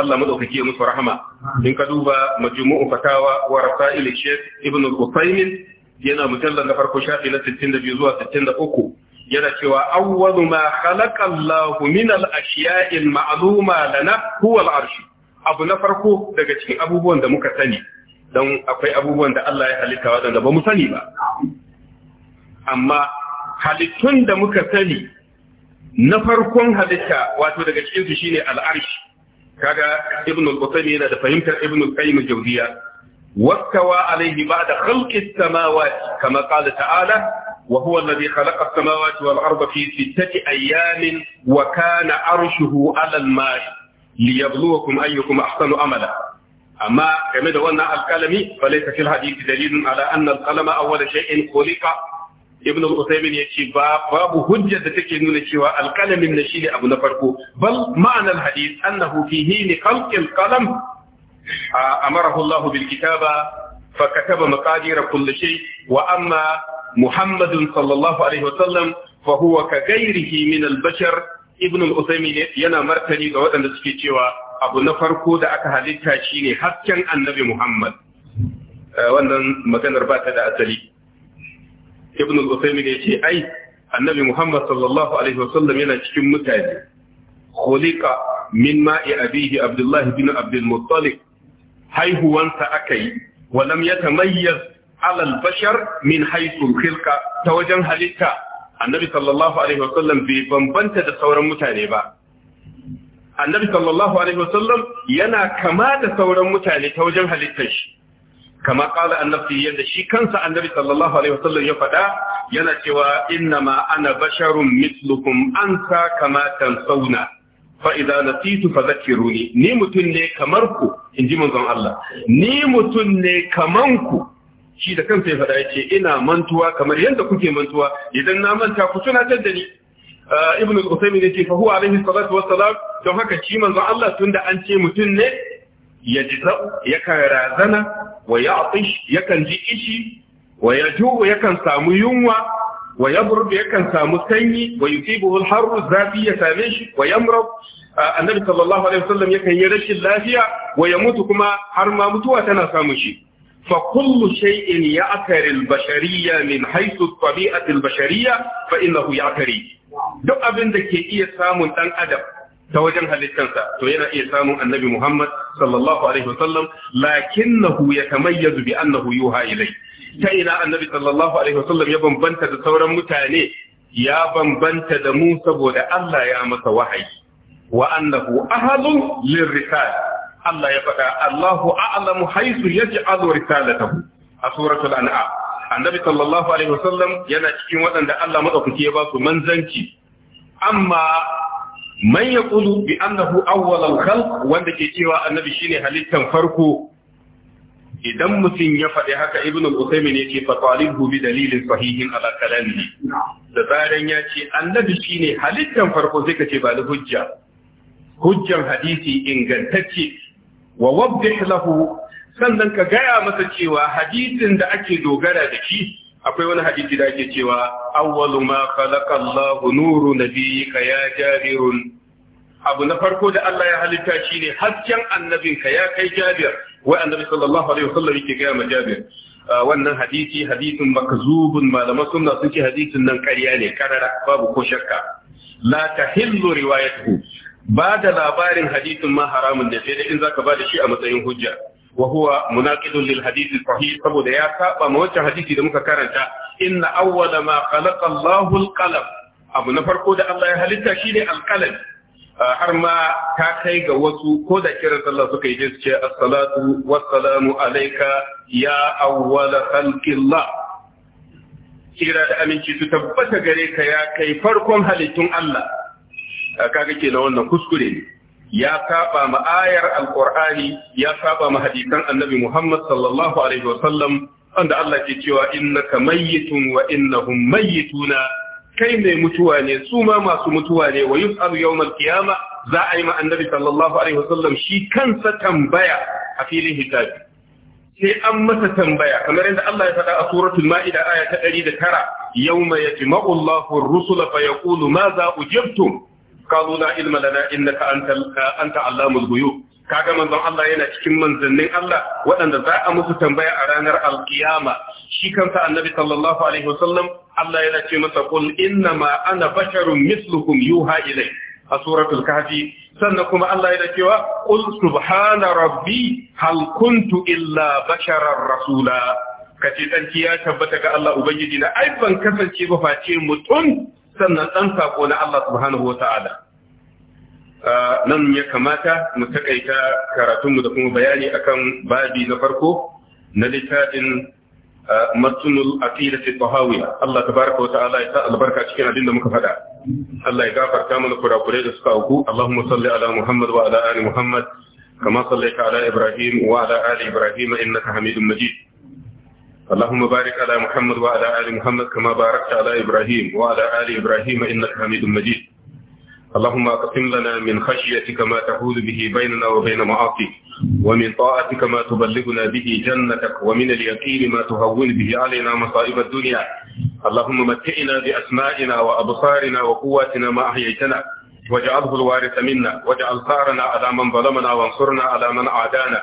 Allah madaukake ya musu rahama in ka duba majmu'u fatawa Warasa rasail shaykh ibn al-usaymin yana mujallar na farko shafi na 62 zuwa 63 yana cewa awwalu ma khalaqa Allahu min al-ashiya'i al-ma'luma lana huwa al-arsh abu na farko daga cikin abubuwan da muka sani dan akwai abubuwan da Allah ya halitta wadanda ba mu sani ba amma halittun da muka sani na farkon halitta wato daga cikin su shine al-arsh kaga ibn al-Uthaymeen yana da fahimtar ibn al-Qayyim al-Jawziyya واستوى عليه بعد خلق السماوات كما قال تعالى وهو الذي خلق السماوات والأرض في ستة أيام وكان عرشه على الماء ليبلوكم أيكم أحسن أملا أما كما دولنا القلم فليس في الحديث دليل على أن القلم أول شيء خلق ابن الأثيمين usaymin باب ce babu hujjar من take القلم من alƙalamin ابو shine abu na farko bal ma'anar hadith annahu fi amarahu Allah bil kitaba fa kataba maqadir wa amma Muhammad sallallahu alaihi wa sallam fa ka ghairihi min al bashar ibn al usaymin yana martani ga waɗanda suke cewa abu na farko da aka halitta shine hasken annabi Muhammad wannan maganar ba ta da asali ibn al usaymin ce ai annabi Muhammad sallallahu alaihi wa sallam yana cikin mutane khuliqa min ma'i abihi Abdullah bin Abdul haihuwansa aka yi walam ya tamayyaz alal bashar min haisul khilqa ta wajen halitta annabi sallallahu alaihi wasallam bai bambanta da sauran mutane ba annabi sallallahu alaihi wasallam yana kama da sauran mutane ta wajen halittar shi kama kala annabi yadda shi kansa annabi sallallahu alaihi wasallam ya faɗa yana cewa inna ma ana basharun mislukum ansa kama tansauna fa idza latitu fadhakkiruni ni mutum ne kamar ku inji manzon Allah ni mutum ne kamar ku shi da kansa ya faɗa ce ina mantuwa kamar yadda kuke mantuwa idan na manta ku suna da ni uh, ibn al-usaymin ce, fa alaihi salatu salam!" don haka shi manzon Allah tun da an ce mutum ne ya yakan razana wa ya kan ji ishi wa ya yakan samu yunwa wa yabrud yakan samu sanyi wa yusibu al-harru zafi ya same shi wa yamrad annabi sallallahu alaihi wasallam yakan yi rashin lafiya wa ya mutu kuma har ma mutuwa tana samun shi fa kullu shay'in ya'tari al-bashariyya min haythu at al-bashariyya fa innahu ya'tari duk abin da ke iya samun dan adam ta wajen halittarsa to yana iya samun annabi Muhammad sallallahu alaihi wasallam lakinnahu yatamayyazu bi annahu yuha ilayhi ta ina annabi sallallahu alaihi wasallam ya bambanta da sauran mutane ya bambanta da mu saboda Allah ya masa wahayi wa annahu ahadun lirrisal Allah ya faɗa Allahu a'lamu haythu yaj'alu risalatahu a suratul an'am annabi sallallahu alaihi wasallam yana cikin waɗanda Allah madaukaki ya ba su manzanci amma man yaqulu bi annahu awwalul khalq wanda ke cewa annabi shine halittan farko idan mutum ya faɗi haka ibn al-usaymin yake fa talibhu bi dalilin sahihin ala kalamihi da zaran ya ce annabi shine halittan farko sai ka ce ba da hujja hujjan hadisi ingantacce wa waddih lahu sannan ka gaya masa cewa hadisin da ake dogara da shi akwai wani hadisi da ake cewa awwalu ma khalaqa Allahu nuru nabiyyika ya jabirun abu na farko da Allah ya halitta shine hasken annabinka ya kai jabir wai annabi sallallahu alaihi wasallam yake ga ma ah, wannan hadisi hadisin makzubun malaman sunna sun ce hadisin nan ƙarya ne karara babu ko shakka la tahillu riwayatuhu ba da labarin hadisin ma haramun da sai in zaka ba da shi a matsayin hujja wa huwa munaqidun lil hadith sahih saboda ya saba ma wancan hadisi da muka karanta inna awwala ma khalaqa Allahu al-qalam abu na farko da Allah ya halitta shine al-qalam har ma ta kai ga wasu ko da kiran sallah suka yi su ce assalatu wassalamu alaika ya awwala khalqillah kira da aminci su tabbata gare ka ya kai farkon halittun Allah kaga na wannan kuskure ne ya saba ma ayar alqur'ani ya saba ma hadisan annabi Muhammad sallallahu alaihi sallam, wanda Allah ke cewa innaka mayyitun wa innahum mayyituna kai mai mutuwa ne su ma masu mutuwa ne wa yus'alu yawmal qiyama za a yi ma annabi sallallahu alaihi wasallam shi kansa tambaya a filin hisabi sai an masa tambaya kamar yadda Allah ya faɗa a suratul ma'ida aya ta 109 yawma yajma'u Allahu ar-rusula fa yaqulu ma za ujibtum qalu la ilma lana innaka antal anta allamul ghuyub kaga manzon Allah yana cikin manzannin Allah waɗanda za a musu tambaya a ranar alkiyama shi kansa annabi sallallahu alaihi wasallam Allah yana ce masa qul inna ma ana basharun mislukum yuha ilai a suratul kafi sannan kuma Allah yana cewa qul subhana rabbi hal kuntu illa basharar rasula kace ɗanki ya tabbata ga Allah ubangiji na ai ban kasance ba face mutum sannan ɗan saƙo na Allah subhanahu wa ta'ala. Nan ya kamata mu taƙaita karatunmu da kuma bayani akan babi na farko na littafin matsunul aqidati tahawi Allah tabaraka wa ta'ala ya sa albarka cikin abin da muka faɗa Allah ya gafarta mana kurakurai da suka auku Allahumma salli ala Muhammad wa ala ali Muhammad kama sallaita ala Ibrahim wa ala ali Ibrahim innaka Hamidum Majid اللهم بارك على محمد وعلى آل محمد كما باركت على إبراهيم وعلى آل إبراهيم إنك حميد مجيد اللهم اقسم لنا من خشيتك ما تحول به بيننا وبين معاصيك ومن طاعتك ما تبلغنا به جنتك ومن اليقين ما تهون به علينا مصائب الدنيا اللهم متئنا بأسمائنا وأبصارنا وقواتنا ما أحييتنا واجعله الوارث منا واجعل ثارنا على من ظلمنا وانصرنا على من أعدانا